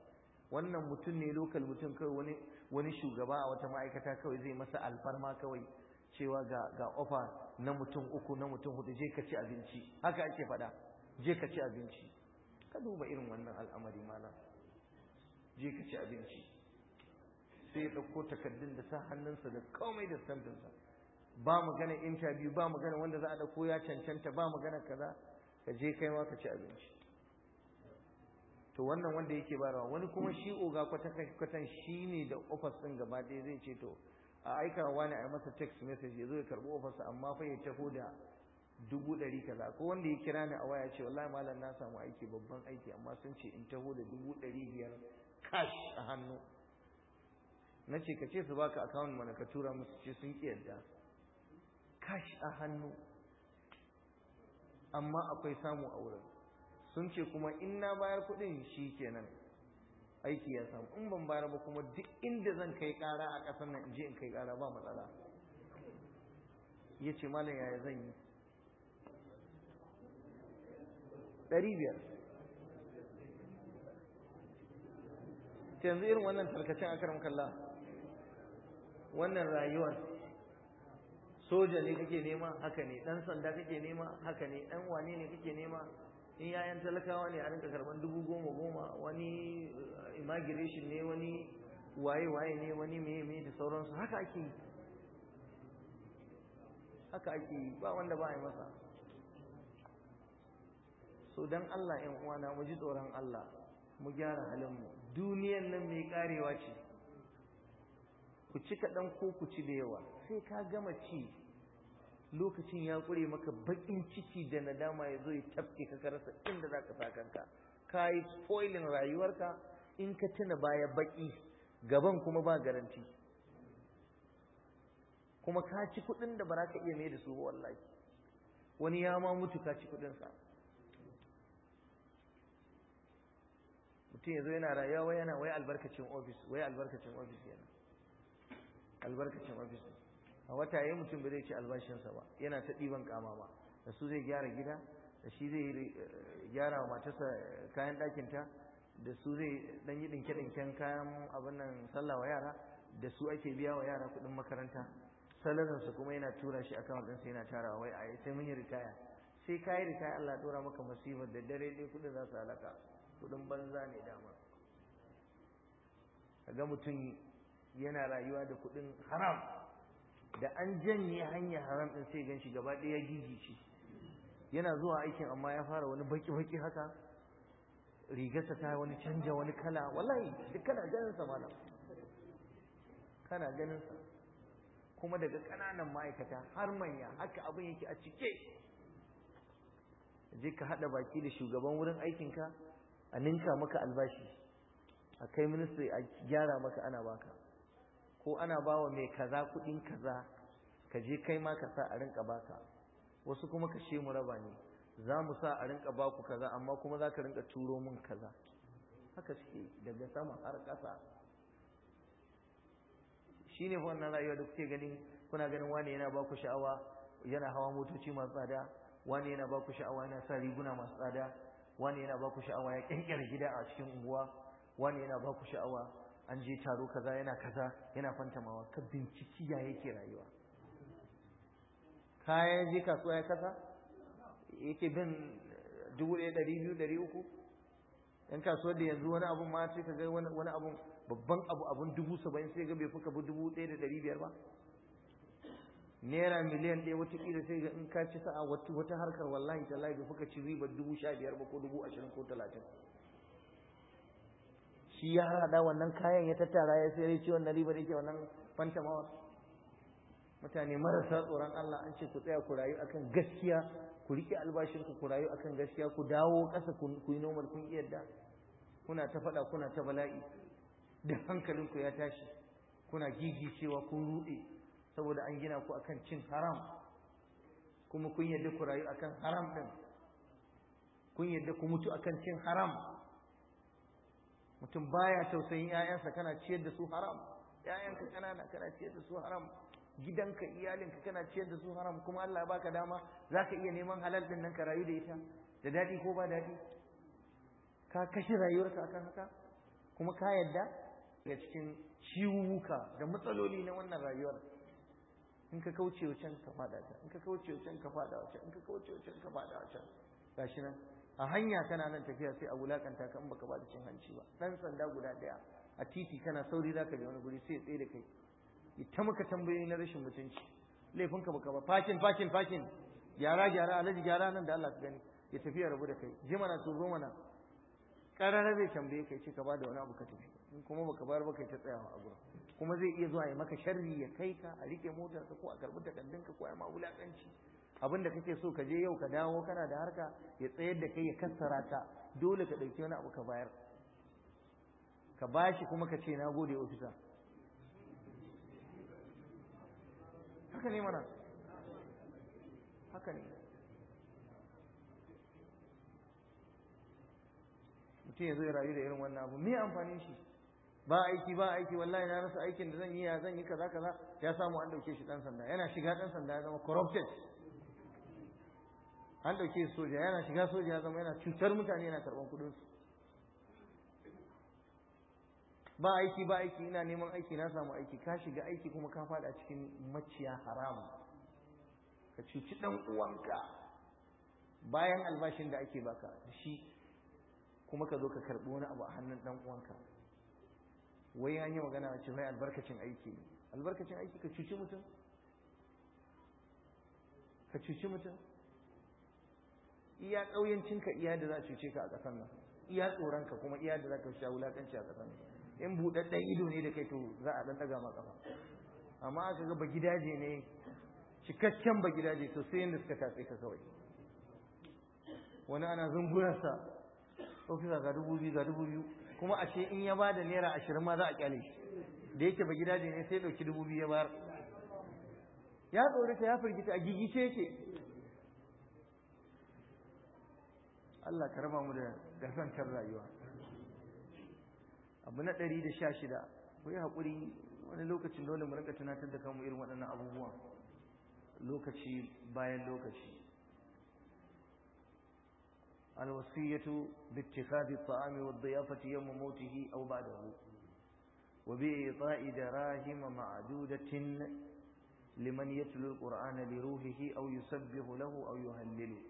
S1: wannan mutum ne lokal mutum kawai wani wani shugaba a wata ma'aikata kawai zai masa alfarma kawai cewa ga ga ofa na mutum uku na mutum hudu je ka ci abinci haka ake faɗa je ka ci abinci ka duba irin wannan al'amari mana je ka ci abinci sai ya ɗauko takardun da sa hannunsa da komai da sandunsa ba magana interview ba magana wanda za a dauko ya cancanta ba magana kaza ka je kai ma ka ci abinci to wannan wanda yake barawa wani kuma shi oga kwatan shi ne da office din gaba ɗaya zai ce to a aika wani a masa text message ya zo ya karɓi office amma fa ya taho da dubu ɗari kaza ko wanda ya kira ni a waya ce wallahi malam na samu aiki babban aiki amma sun ce in taho da dubu ɗari biyar cash a hannu na ce ka ce su baka account mana ka tura musu ce sun ki yadda kashi a hannu amma akwai samu a wurin sun ce kuma in na bayar kuɗin shi kenan aiki ya samu in ban bayar ba kuma duk inda zan kai ƙara a ƙasar nan in in kai ƙara ba matsala ya ce malam yaya zan yi ɗari biyar yanzu irin wannan tarkacin akaram kalla wannan rayuwar soja ne kake nema haka ne dan sanda kake nema haka ne dan wane ne kake nema in yayan talakawa ne a rinka karban dubu goma goma wani uh, immigration ne wani waye waye ne wani meye meye da sauransu haka ake yi haka ake yi ba wanda ba a yi masa so dan Allah ƴan uwana mu ji tsoron Allah mu gyara halin mu duniyan nan mai karewa ce ku ci kaɗan ko ku ci da yawa sai ka gama ci lokacin ya ƙure maka baƙin ciki da nadama ya zo ya tafke ka rasa inda za ka kanka ka yi spoiling rayuwarka in ka tuna baya baƙi gaban kuma ba garanti kuma ka ci kuɗin da ba za ka iya mai da su ba wallahi wani ya ma mutu ka ci kuɗinsa mutum ya zo yana rayuwa wai yana wai albarkacin ofis wai albarkacin ofis yana albarkacin ofis ne a wata yayin mutum ba zai ci albashinsa ba yana ta ɗiban kama ba da su zai gyara gida da shi zai eh, gyara wa matarsa kayan ɗakinta da su zai ɗan yi ɗinke-ɗinken kayan abin nan sallah wa yara da su ake biya wa yara kuɗin makaranta salarinsa kuma yana tura shi akan wadansa yana tarawa wai a sai mun yi ritaya sai ka yi ritaya Allah ɗora maka masifar da dare dai kuɗin za su halaka kuɗin banza ne dama kaga mutum yana rayuwa da kuɗin haram da an janye hanyar haram din sai shi, gaba ɗaya gigice yana zuwa aikin amma ya fara wani baki baki haka rigarsa ta wani canja wani kala wallahi duk kana ganin sa malam kana ganin sa kuma daga kananan ma'aikata har manya haka abin yake a cike je ka haɗa baki da shugaban wurin aikinka a ninka maka albashi a kai ministry a gyara maka ana baka ko ana bawa mai kaza kudin kaza ka je kai ma ka sa a rinka baka wasu kuma ka shi mu raba ne za mu sa a rinka baku kaza amma kuma za ka rinka turo min kaza haka suke daga sama har ƙasa shine wannan rayuwa da kuke gani kuna ganin wani yana ba ku sha'awa yana hawa motoci masu tsada wani yana ba ku sha'awa yana sa riguna masu tsada wani yana ba ku sha'awa ya kyankyar gida a cikin unguwa wani yana ba ku sha'awa an je taro kaza yana kaza yana fantamawa ka binciki ya yake rayuwa kayan je kasuwa ya kasa yake bin dubu ɗaya ɗari biyu ɗari uku yan kasuwar da yanzu wani abun ma sai ka ga wani abun babban abu abun dubu saba'in sai ga bai fuka bi dubu ɗaya da ɗari biyar ba naira miliyan ɗaya ƙila sai ga in ka ci sa'a wata harkar wallahi ta lafi fuka ci riba dubu sha biyar ba ko dubu ashirin ko talatin shi ya harada wannan kayan ya tattara ya sai ce wannan da yake wannan fantamawar mutane marasa tsoron Allah an ce ku tsaya ku rayu akan gaskiya ku riƙe albashin ku rayu akan gaskiya ku dawo ƙasa ku yi nomar kun yadda kuna ta faɗa kuna ta bala'i da hankalin ku ya tashi kuna cewa kun ruɗe saboda an gina ku akan cin haram kuma kun yadda ku rayu akan haram ɗin kun yadda ku mutu akan cin haram mutum baya tausayin 'ya'yansa kana ciyar da su haram 'ya'yanka kanana kana ciyar da su haram gidanka iyalinka kana ciyar da su haram kuma Allah baka dama zaka iya neman halal din nan ka rayu da ita da dadi ko ba dadi ka kashi rayuwarka akan haka kuma ka yadda ga cikin ciwuka da matsaloli na wannan rayuwar in ka kauce wa can ka fada ta, in ka kauce wa can ka fada wa can in ka kauce wa can ka fada wa can gashi nan a hanya kana nan tafiya sai a wulakanta ka in baka ba da cin hanci ba dan sanda guda daya a titi kana sauri za ka je wani guri sai tsaye da kai ita muka tambayoyi na rashin mutunci laifinka baka ba fakin fakin fakin gyara gyara alaji gyara nan da Allah ka gani ya tafi ya rabu da kai je mana to zo mana karara zai tambaye kai ce ka ba da wani abu ka tafi in kuma baka bayar ba ta tsayawa a gurin kuma zai iya zuwa ya maka sharri ya kai ka a rike motar ko a karbi takardun ka ko a ma wulakanci abin da kake so ka je yau ka dawo kana da harka ya tsayar da kai ya kassara ta dole ka ɗauki wani abu ka bayar ka bashi kuma ka ce na gode ofisa haka ne mana haka ne mutum ya zo ya rayu da irin wannan abu me amfanin shi ba aiki ba aiki wallahi na rasa aikin da zan yi ya zan yi kaza kaza ya samu an dauke shi dan sanda yana shiga dan sanda ya zama corrupted an dauke soja yana shiga soja ya zama yana cutar mutane yana karban kudin su ba aiki ba aiki ina neman aiki na samu aiki ka shiga aiki kuma ka fada cikin maciya haram ka cuci dan uwanka bayan albashin da ake baka da shi kuma ka zo ka karbi wani abu a hannun dan uwanka wai an yi magana a cewa albarkacin aiki ne albarkacin aiki ka cuci mutum ka cuci mutum iya ƙauyancinka iya da za a cuce ka a ƙasar nan iya tsoronka kuma iya da za ka sha wulaƙanci a ƙasar nan in buɗaɗɗen ido ne da kai to za a ɗan ɗaga ma ƙafa amma aka ga bagidaje ne cikakken bagidaje to sai yadda suka tafe ka kawai wani ana zungurarsa ofisa ga dubu biyu ga dubu biyu kuma ashe in ya ba da naira ashirin ma za a kyale shi da yake bagidaje ne sai ɗauki dubu biyu ya bayar ya tsorata ya firgita a gigice yake Allah ka raba mu da gasantar rayuwa abu na ɗari da sha shida ku yi haƙuri wani lokacin dole mu rika tunatar da kanmu irin waɗannan abubuwa lokaci bayan lokaci الوصية باتخاذ الطعام والضيافة يوم موته أو بعده وبإعطاء دراهم معدودة لمن يتلو القرآن لروحه أو يسبه له أو يهلله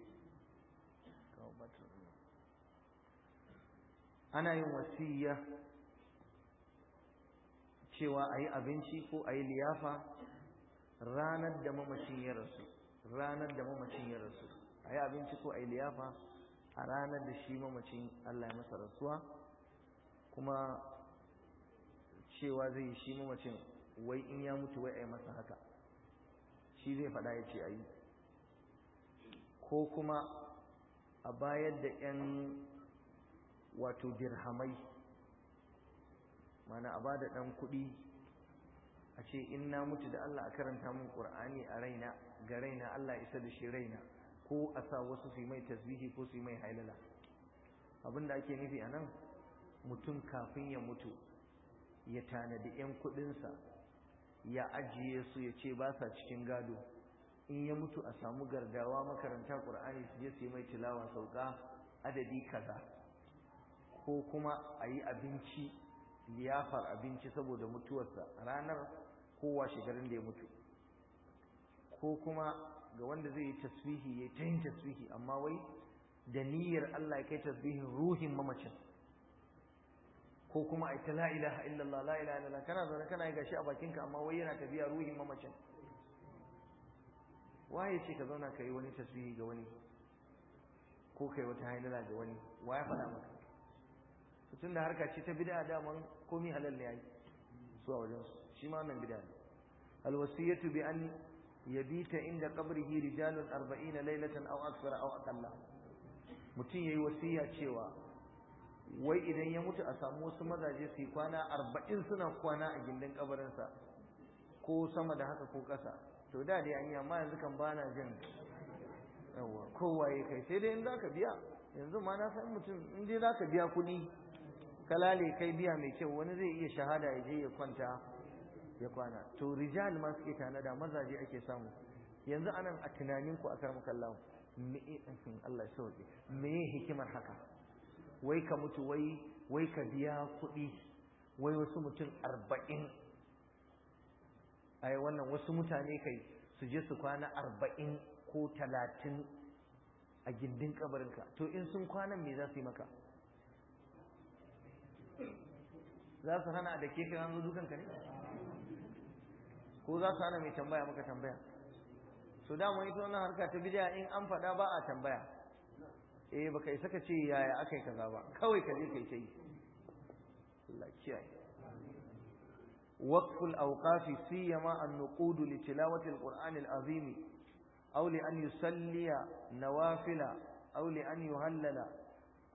S1: ana yin wasiya cewa a yi abinci ko a yi liyafa ranar da mamacin ya rasu ranar da mamacin ya rasu a yi abinci ko a yi liyafa a ranar da shi mamacin Allah ya masa rasuwa kuma cewa zai yi shi mamacin wai in ya mutu wai a yi masa haka shi zai faɗa ya ce a yi ko kuma a bayar da 'yan wato dirhamai mana a bada ɗan kuɗi a ce in na mutu da Allah a karanta min Qur'ani a raina ga raina Allah isa da shi raina ko a sa wasu su yi mai tasbihi ko su yi mai hailala abinda ake nufi a nan mutum kafin ya mutu ya tanadi 'yan kuɗinsa ya ajiye su ya ce ba sa cikin gado in ya mutu a samu gardawa makarantar ƙur'ani su je su yi mai tilawa sauka adadi kaza ko kuma a yi abinci liyafar abinci saboda mutuwarsa ranar kowa shigarin da ya mutu ko kuma ga wanda zai yi taswihi ya ta yin taswihi amma wai da niyyar Allah ya kai taswihin ruhin mamacin ko kuma a ta la'ila ilaha illallah la ilaha illallah kana zaune kana yi gashi a bakinka amma wai yana tafiya ruhin mamacin waye ce ka zauna ka yi wani taswihi ga wani ko kai wata hailala ga wani wa ya faɗa maka da harka ce ta bid'a daman komi halal ne ya su a wajensu su shi ma wannan bid'a ne al ya bi an yabita inda qabrihi rijalun na laylatan aw akthara aw aqalla mutum yayi wasiya cewa wai idan ya mutu a samu wasu mazaje su yi kwana Arba'in suna kwana a gindin kabarinsa ko sama da haka ko ƙasa to da dai an yi amma yanzu kan bana jin yawa ya kai sai dai in zaka biya yanzu ma na san mutum in dai zaka biya kuɗi kalale kai biya mai kyau wani zai iya shahada ya je ya kwanta ya kwana to rijal ma suke tanada mazaje ake samu yanzu anan a tunanin ku akar mukallahu me Allah ya sauke me hikimar haka wai ka mutu wai wai ka biya kuɗi wai wasu mutum arba'in ai wannan wasu mutane kai su je su kwana arba'in ko talatin a gindin kabarinka to in sun kwana me za su yi maka za su hana da ke ka yanzu dukanka ne ko za su hana mai tambaya maka tambaya su da yi tunanin harka ta bidiya in an faɗa ba a tambaya eh baka isa ka ce yaya aka yi kaza ba kawai ka je ka yi ta yi Allah kiyaye waqful awqafi siyama an-nuqud li tilawati al-qur'an al-azim aw li an yusalliya nawafila aw li yuhallala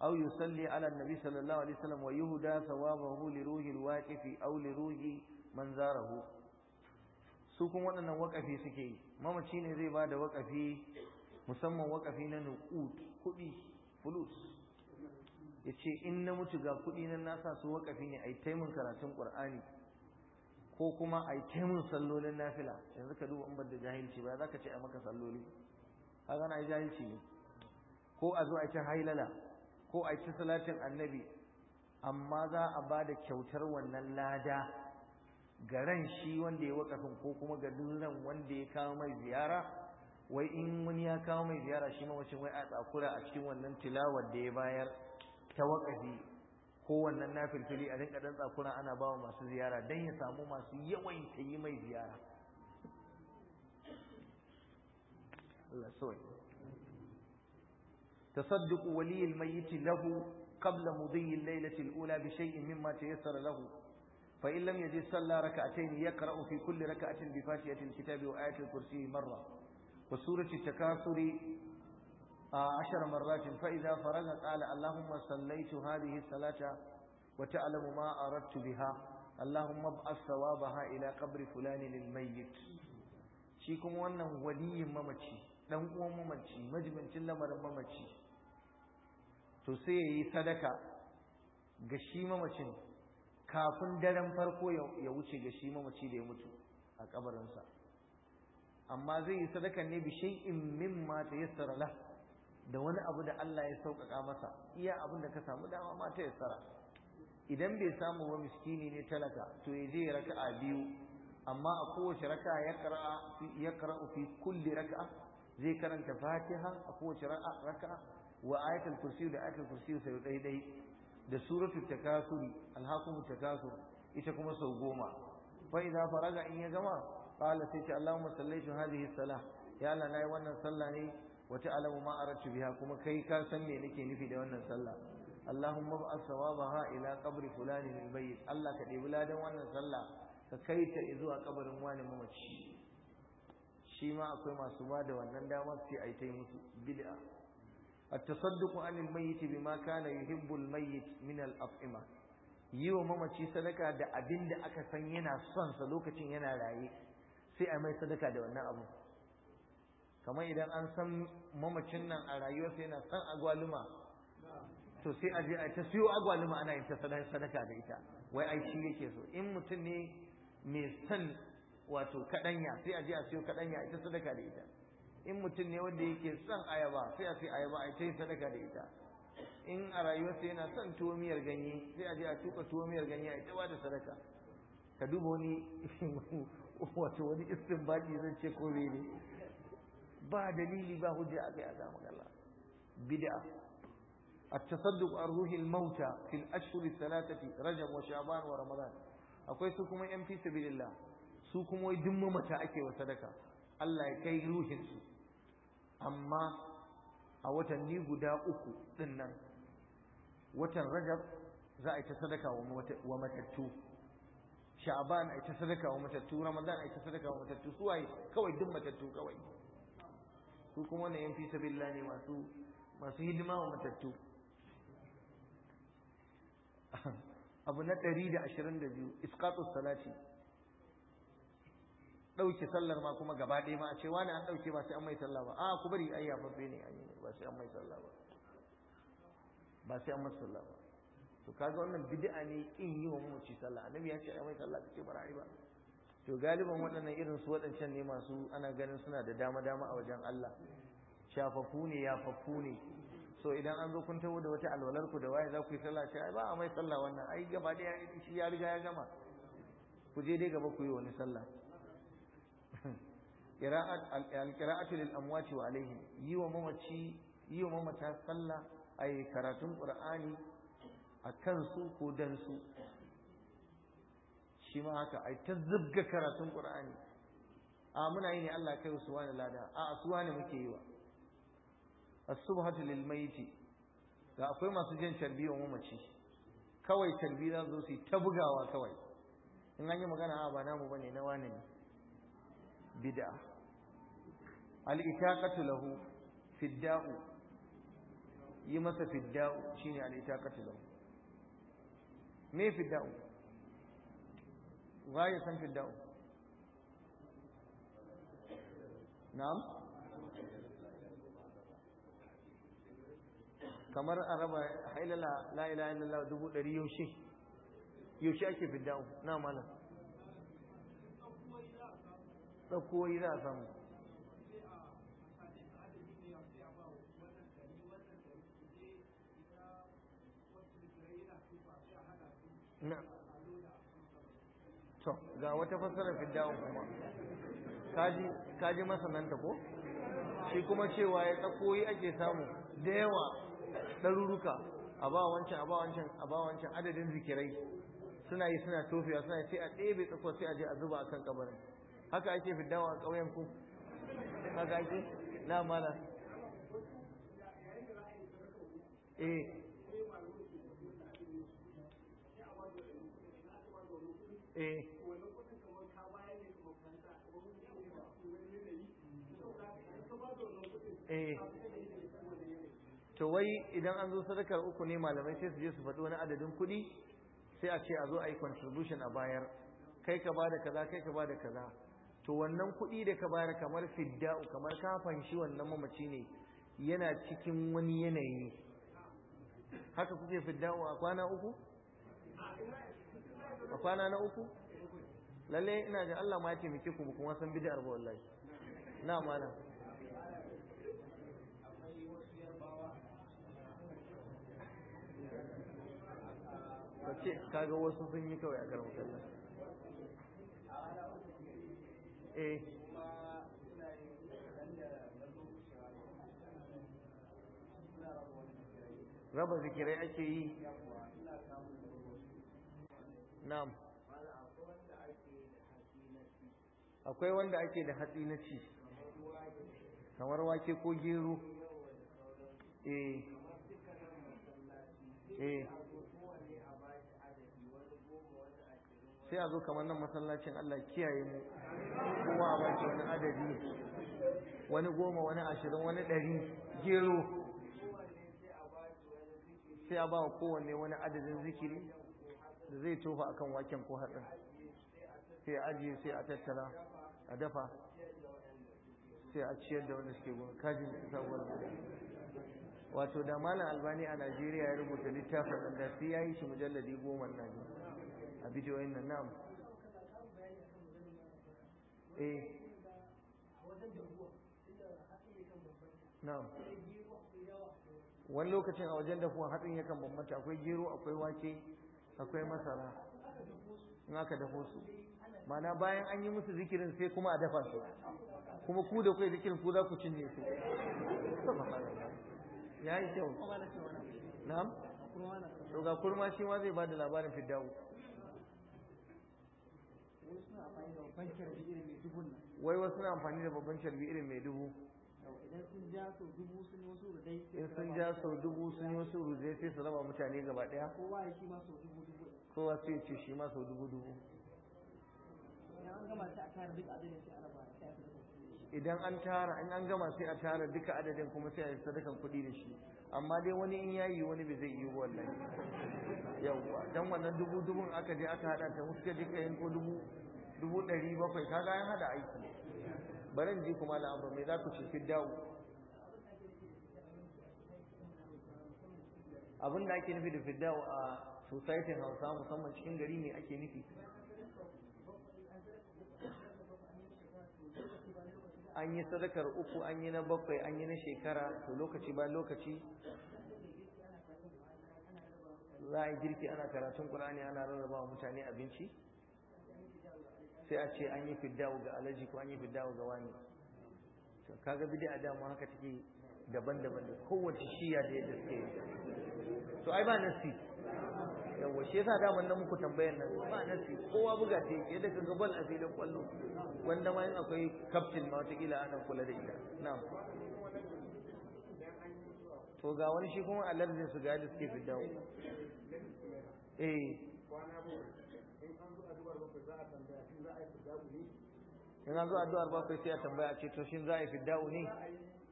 S1: أو يصلي على النبي صلى الله عليه وسلم ويهدى ثوابه لروح الواقف أو لروح من زاره su kuma waɗannan waƙafi suke yi mamaci ne zai ba da waƙafi musamman waƙafi na nuqut kuɗi fulus ya ce in na mutu ga kuɗi nan na sa su waƙafi ne a yi taimun karatun ƙur'ani ko kuma a yi taimun sallolin nafila yanzu ka duba in bar da jahilci ba za ka ce a maka salloli kaga na jahilci ko a zo a ta hailala ko a ci salatin annabi amma za a ba da kyautar wannan lada ga ran shi wanda ya wakafin ko kuma ga ran wanda ya kawo mai ziyara wai in wani ya kawo mai ziyara shi mawacin wai a tsakura a cikin wannan tilawar da ya bayar ta wakafi ko wannan nafilfili a rinka dan tsakura ana bawa masu ziyara don ya samu masu yawan ta yi mai ziyara tasadduq wali al-mayyit lahu qabla mudhi al-laylati al-ula bi shay'in mimma tayassara je fa in lam yajid salla rak'atayn yaqra'u fi kulli rak'atin bi fatihati al-kitabi wa ayati al-kursi marra wa surati at-takasuri عشر مرات فإذا فرغ قال اللهم صليت هذه الصلاة وتعلم ما أردت بها اللهم ابعث ثوابها إلى قبر فلان للميت shi kuma wannan waliyin mamaci uwan mamaci majibincin lamarin mamaci to sai ya yi sadaka ga shi mamacin kafin daren farko ya wuce ga shi mamaci da ya mutu a kabarinsa amma zai yi sadaka ne bi shay'in mimma ya la da wani abu da Allah ya sauƙaƙa masa iya abin da ka samu dama mata ya yassara idan bai samu ba miskini ne talaka to ya je raka'a biyu amma a kowace raka ya kara'a ya qara'a fi kulli raka'a zai karanta Fatiha a kowace raka'a wa ayatul kursi da ayatul kursi sau dai dai da suratul takasur alhaqum takasur ita kuma sau goma fa idza faraga in ya gama qala sai ce allahumma sallaitu hadhihi salah ya allah nayi wannan sallah ne wa ta'lamu ma aratu biha kuma kai ka san me nake nufi da wannan sallah allahumma ba'ath sawabaha ila qabri fulani min bayt allah ka ɗebi ladan wannan sallah ka kai ta zuwa kabarin wani mamaci shi ma akwai masu ba da wannan damar sai a yi tai musu bid'a التصدق عن الميت بما كان يحب الميت من الأطعمة yi wa mamaci sadaka da abin da aka san yana son sa lokacin yana raye sai a mai sadaka da wannan abu kamar idan an san mamacin nan a rayuwarsa yana son agwaluma to sai a je a ta siyo agwaluma ana yin ta sadaka da ita wai ai shi yake so in mutum ne mai san wato kadanya sai a je a siyo kadanya ita sadaka da ita in mutum ne wanda yake son ayaba sai a sai ayaba a yi sadaka da ita in a rayuwarsa yana son tuwo miyar ganye sai a je a tuka tuwo miyar ganye a yi ta da sadaka ka duba wani wato wani baki zan ce ko ne ba dalili ba hujja a kai a zama Allah bid'a ruhin mauta fil ashuri في rajab wa sha'ban wa ramadan akwai su kuma yan fi sabilillah su kuma wai duk mamata ake wa sadaka Allah ya kai ruhinsu. amma a watanni guda uku din nan watan rajab za a yi ta sadaka wa matattu sha'ban a yi ta sadaka wa matattu ramadan a yi ta sadaka wa matattu su waye kawai duk matattu kawai su kuma wannan yan fi sabilillah ne masu masu hidima wa matattu abu na 122 isqatu salati ɗauke sallar ma kuma gaba ɗaya ma a ce wani an ɗauke ba sai an mai sallah ba a ku bari ai yafaffe ne an ba sai an mai sallah ba ba sai an mai sallah ba to kaga wannan bid'a ne kin yi wa mamaci sallah annabi ya ce ai mai sallah kace ba ra'ayi ba to galiban waɗannan irin su waɗancan ne masu ana ganin suna da dama dama a wajen Allah shafafu ne yafafu ne so idan an zo kun taho da wata alwalar ku da waye za ku yi sallah ce ai ba a mai sallah wannan ai gaba ɗaya shi ya riga ya gama ku je dai gaba ku yi wani sallah alƙira'atu lil amwati wa alaihim yi wa mamaci yi wa mamata sallah ay karatun qur'ani a kansu ko dan su shi ma haka ay ta karatun qur'ani a muna yi ne Allah kai su wani lada a su wani muke yi wa as-subhatu lil mayyiti da akwai masu jin tarbiyyar mamaci kawai tarbiyya za su ta bugawa kawai in an yi magana a ba namu bane na wani ne bid'a al-itaqatu lahu fidda'u yi masa fidda'u shine al-itaqatu lahu me fidda'u Wa ya san fidda'u na'am
S2: kamar araba
S1: hailala la ilaha illallah dubu ɗari yaushe yaushe ake fidda'u na malam tsakoyi za a samu na to ga wata fassara fi dawo kuma kaji masananta ko shi kuma cewa ya tsakoyi ake samu da yawa ɗaruruka a ba wancan a ba wancan a ba wancan adadin zikirai suna yi suna tofiya suna yi sai a ɗebe tsakwa sai a je a zuba a kan kabarin haka ake fiddawa a ƙauyen ku haka ake na mala eh. eh eh to wai idan an zo sadakar uku ne malamai sai su je su faɗi wani adadin kuɗi sai a ce a zo a yi contribution a bayar kai ka bada kaza kai ka bada kaza to wannan kuɗi da ka bayar kamar fidda'u kamar ka fanshi wannan mamaci ne yana cikin wani yanayi haka kuke fidda'u a kwana uku
S2: a kwana na uku
S1: lalle ina ga Allah ma ya taimake ku kuma san bid'ar ba wallahi na malam
S2: kace kaga
S1: wasu sun yi kawai a karan sallah
S2: Eh. raba zikirai ake yi na'am akwai wanda ake da hatsi na ci kamar wake ko gero eh eh sai a zo kamar
S1: nan masallacin Allah kiyaye mu kowa a baki wani adadi wani goma wani ashirin wani ɗari gero sai a ba wa kowanne wani adadin zikiri da zai tofa akan waken ko hatsin sai a ajiye sai a tattara a dafa
S2: sai a ciyar da wanda suke gona kajin sabuwar
S1: wato da malam albani a najeriya ya rubuta littafin da sai ya yi shi mujalladi goma najeriya a bidiyoyin nan na'am
S2: eh na'am wani lokacin
S1: a wajen dafuwa hatsin kan bambanta akwai gero akwai wake akwai masara in aka dafo su mana bayan an yi musu zikirin sai kuma a dafa su kuma ku da kai zikirin ku za ku cinye su ya yi kyau
S2: na'am to ga kurma
S1: shi ma zai ba da labarin fiddawu wai wasu na amfani da babban sharbi irin mai dubu
S2: in sun ja sau dubu
S1: sun yi wasu rudai sai su raba mutane gaba daya kowa ya ce shi ma sau dubu dubu idan an tara in an gama sai a tara duka adadin kuma sai a yi sadakan kuɗi da shi amma dai wani in yayi wani bai zai yi wallahi yawwa dan wannan dubu dubun aka je aka hada ta muska duka ko dubu dubu ɗari bakwai kaga an hada aiki Barin ji kuma al'amura mai za ku ce fi dawo abin da ake nufi da dawo a society hausa musamman cikin gari ne ake nufi
S2: an yi sadakar uku
S1: an yi na bakwai an yi na shekara to lokaci ba lokaci za a yi girki ana karatun ƙur'ani ana rarraba wa mutane abinci sai a ce an yi fiddawo ga alaji ko an yi fiddawo ga wani to kaga bid'a dama haka take daban-daban da kowace shiya da yadda suke to ai ba nasi yawa shi yasa da na muku tambayar nan ba nasi kowa buga ce yake da kaga bal a filin kwallo wanda ma in akwai kaftin ma wata wataƙila ana kula da ita na.
S2: to ga wani shi kuma alardin su ga da suke fi dawo eh
S1: in an zo addu'ar bakwai sai a tambaya ce to shin za a yi fi dawo ne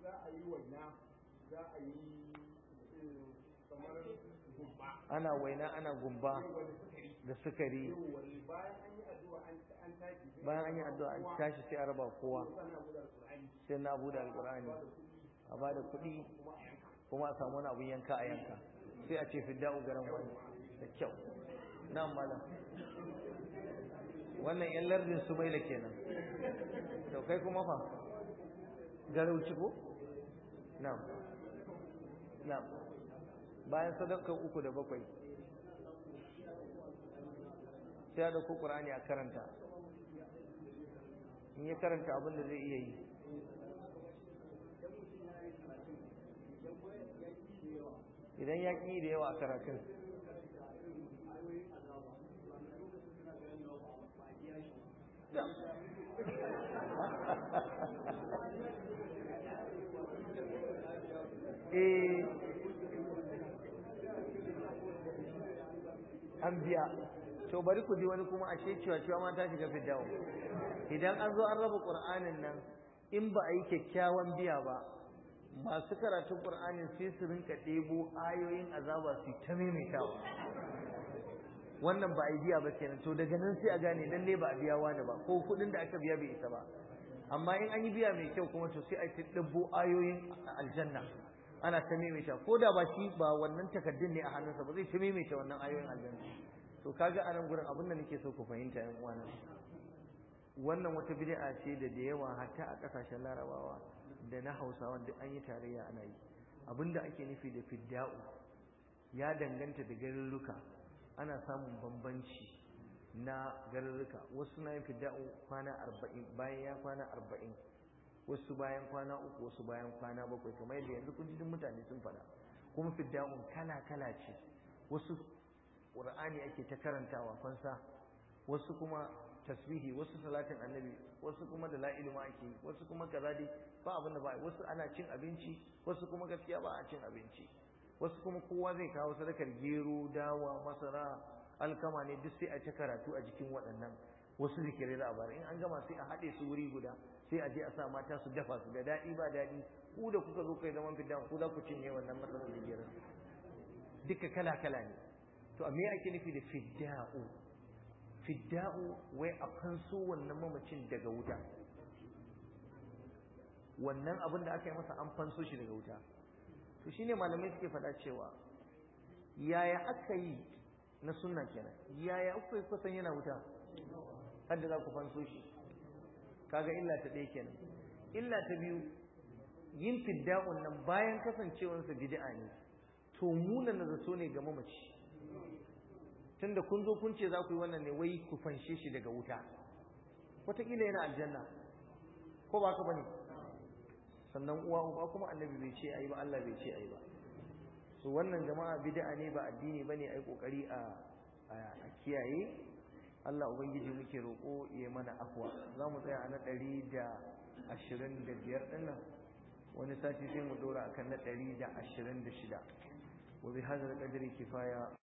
S2: za a yi wannan za a yi eh, kamar
S1: ana waina ana gumba da sukari bayan an yi addu'a an tashi sai a raba kowa sai na abu da alƙur'ani a ba da kuɗi kuma a samu wani abin yanka a yanka sai a ce fidda garin wani da kyau na malam wannan yan lardin su maila kenan to kai kuma fa garauci ko na'am na'am bayan sadakar uku da bakwai sai da ɗauko ƙur'ani a karanta
S2: in ya karanta abin da zai iya yi
S1: idan ya ƙi da yawa a karatun Yeah. an biya to bari ku ji wani kuma ashe cewa cewa ma ta shiga fiddawo idan an zo an raba qur'anin nan in ba a yi kyakkyawan biya ba masu karatun qur'anin sai su rinka ɗebo ayoyin azaba su ta maimaita wannan ba a yi biya ba kenan to daga nan sai a gane lalle ba a biya wani ba ko kuɗin da aka biya bai isa ba amma in an yi biya mai kyau kuma to sai a yi ayoyin aljanna ana ta maimaita ko da ba shi ba wannan takaddun ne a hannunsa ba zai ta maimaita wannan ayoyin aljanna to kaga a nan gurin abin da nake so ku fahimta yan uwana wannan wata bid'a ce da da yawa hatta a kasashen larabawa da na hausawa duk an yi tarayya ana yi abinda ake nufi da fidda'u ya danganta da garurruka ana samun bambanci na garurruka wasu na yin fidda'u kwana arba'in bayan ya kwana arba'in wasu bayan kwana uku wasu bayan kwana bakwai kamar yadda yanzu kun ji mutane sun faɗa kuma fidda'un kala kala ce wasu qur'ani ake ta karantawa fansa wasu kuma tasbihi wasu salatin annabi wasu kuma da la'ilu ake wasu kuma kaza dai ba abin da ba wasu ana cin abinci wasu kuma gaskiya ba a cin abinci wasu kuma kowa zai kawo sadakar gero dawa masara alkama ne duk sai a ta karatu a jikin waɗannan wasu zikirai za abara in an gama sai a haɗe su wuri guda sai a je a sa mata su dafa su da daɗi ba daɗi ku da kuka zo kai zaman fidda ku za ku cinye wannan matsalar zikirin duka kala kala ne to a me ake nufi da fidda'u fidda'u wai a so wannan mamacin daga wuta wannan abin da aka yi masa an fanso shi daga wuta to shine malamai suke faɗa cewa yaya aka yi na sunna kenan yaya aka yi kusan yana wuta har za ku fanto shi kaga illa ta ɗaya kenan illa ta biyu yin fidda'un nan bayan kasancewansa bid'a ne to munana zato ne ga mamaci tunda kun zo kun ce za ku yi wannan ne wai ku fanshe shi daga wuta wataƙila yana aljanna ko ba ka bane sannan uwa uba kuma annabi bai ce ayi ba Allah bai ce ayi ba so wannan jama'a bid'a ne ba addini bane ai kokari ƙoƙari a kiyaye Allah ubangiji muke roƙo ya mana akwa za mu tsaya a na ɗari da ashirin da biyar ɗinnan wani sati sai mu ɗora akan na ɗari da ashirin da shida wa bi hadha kifaya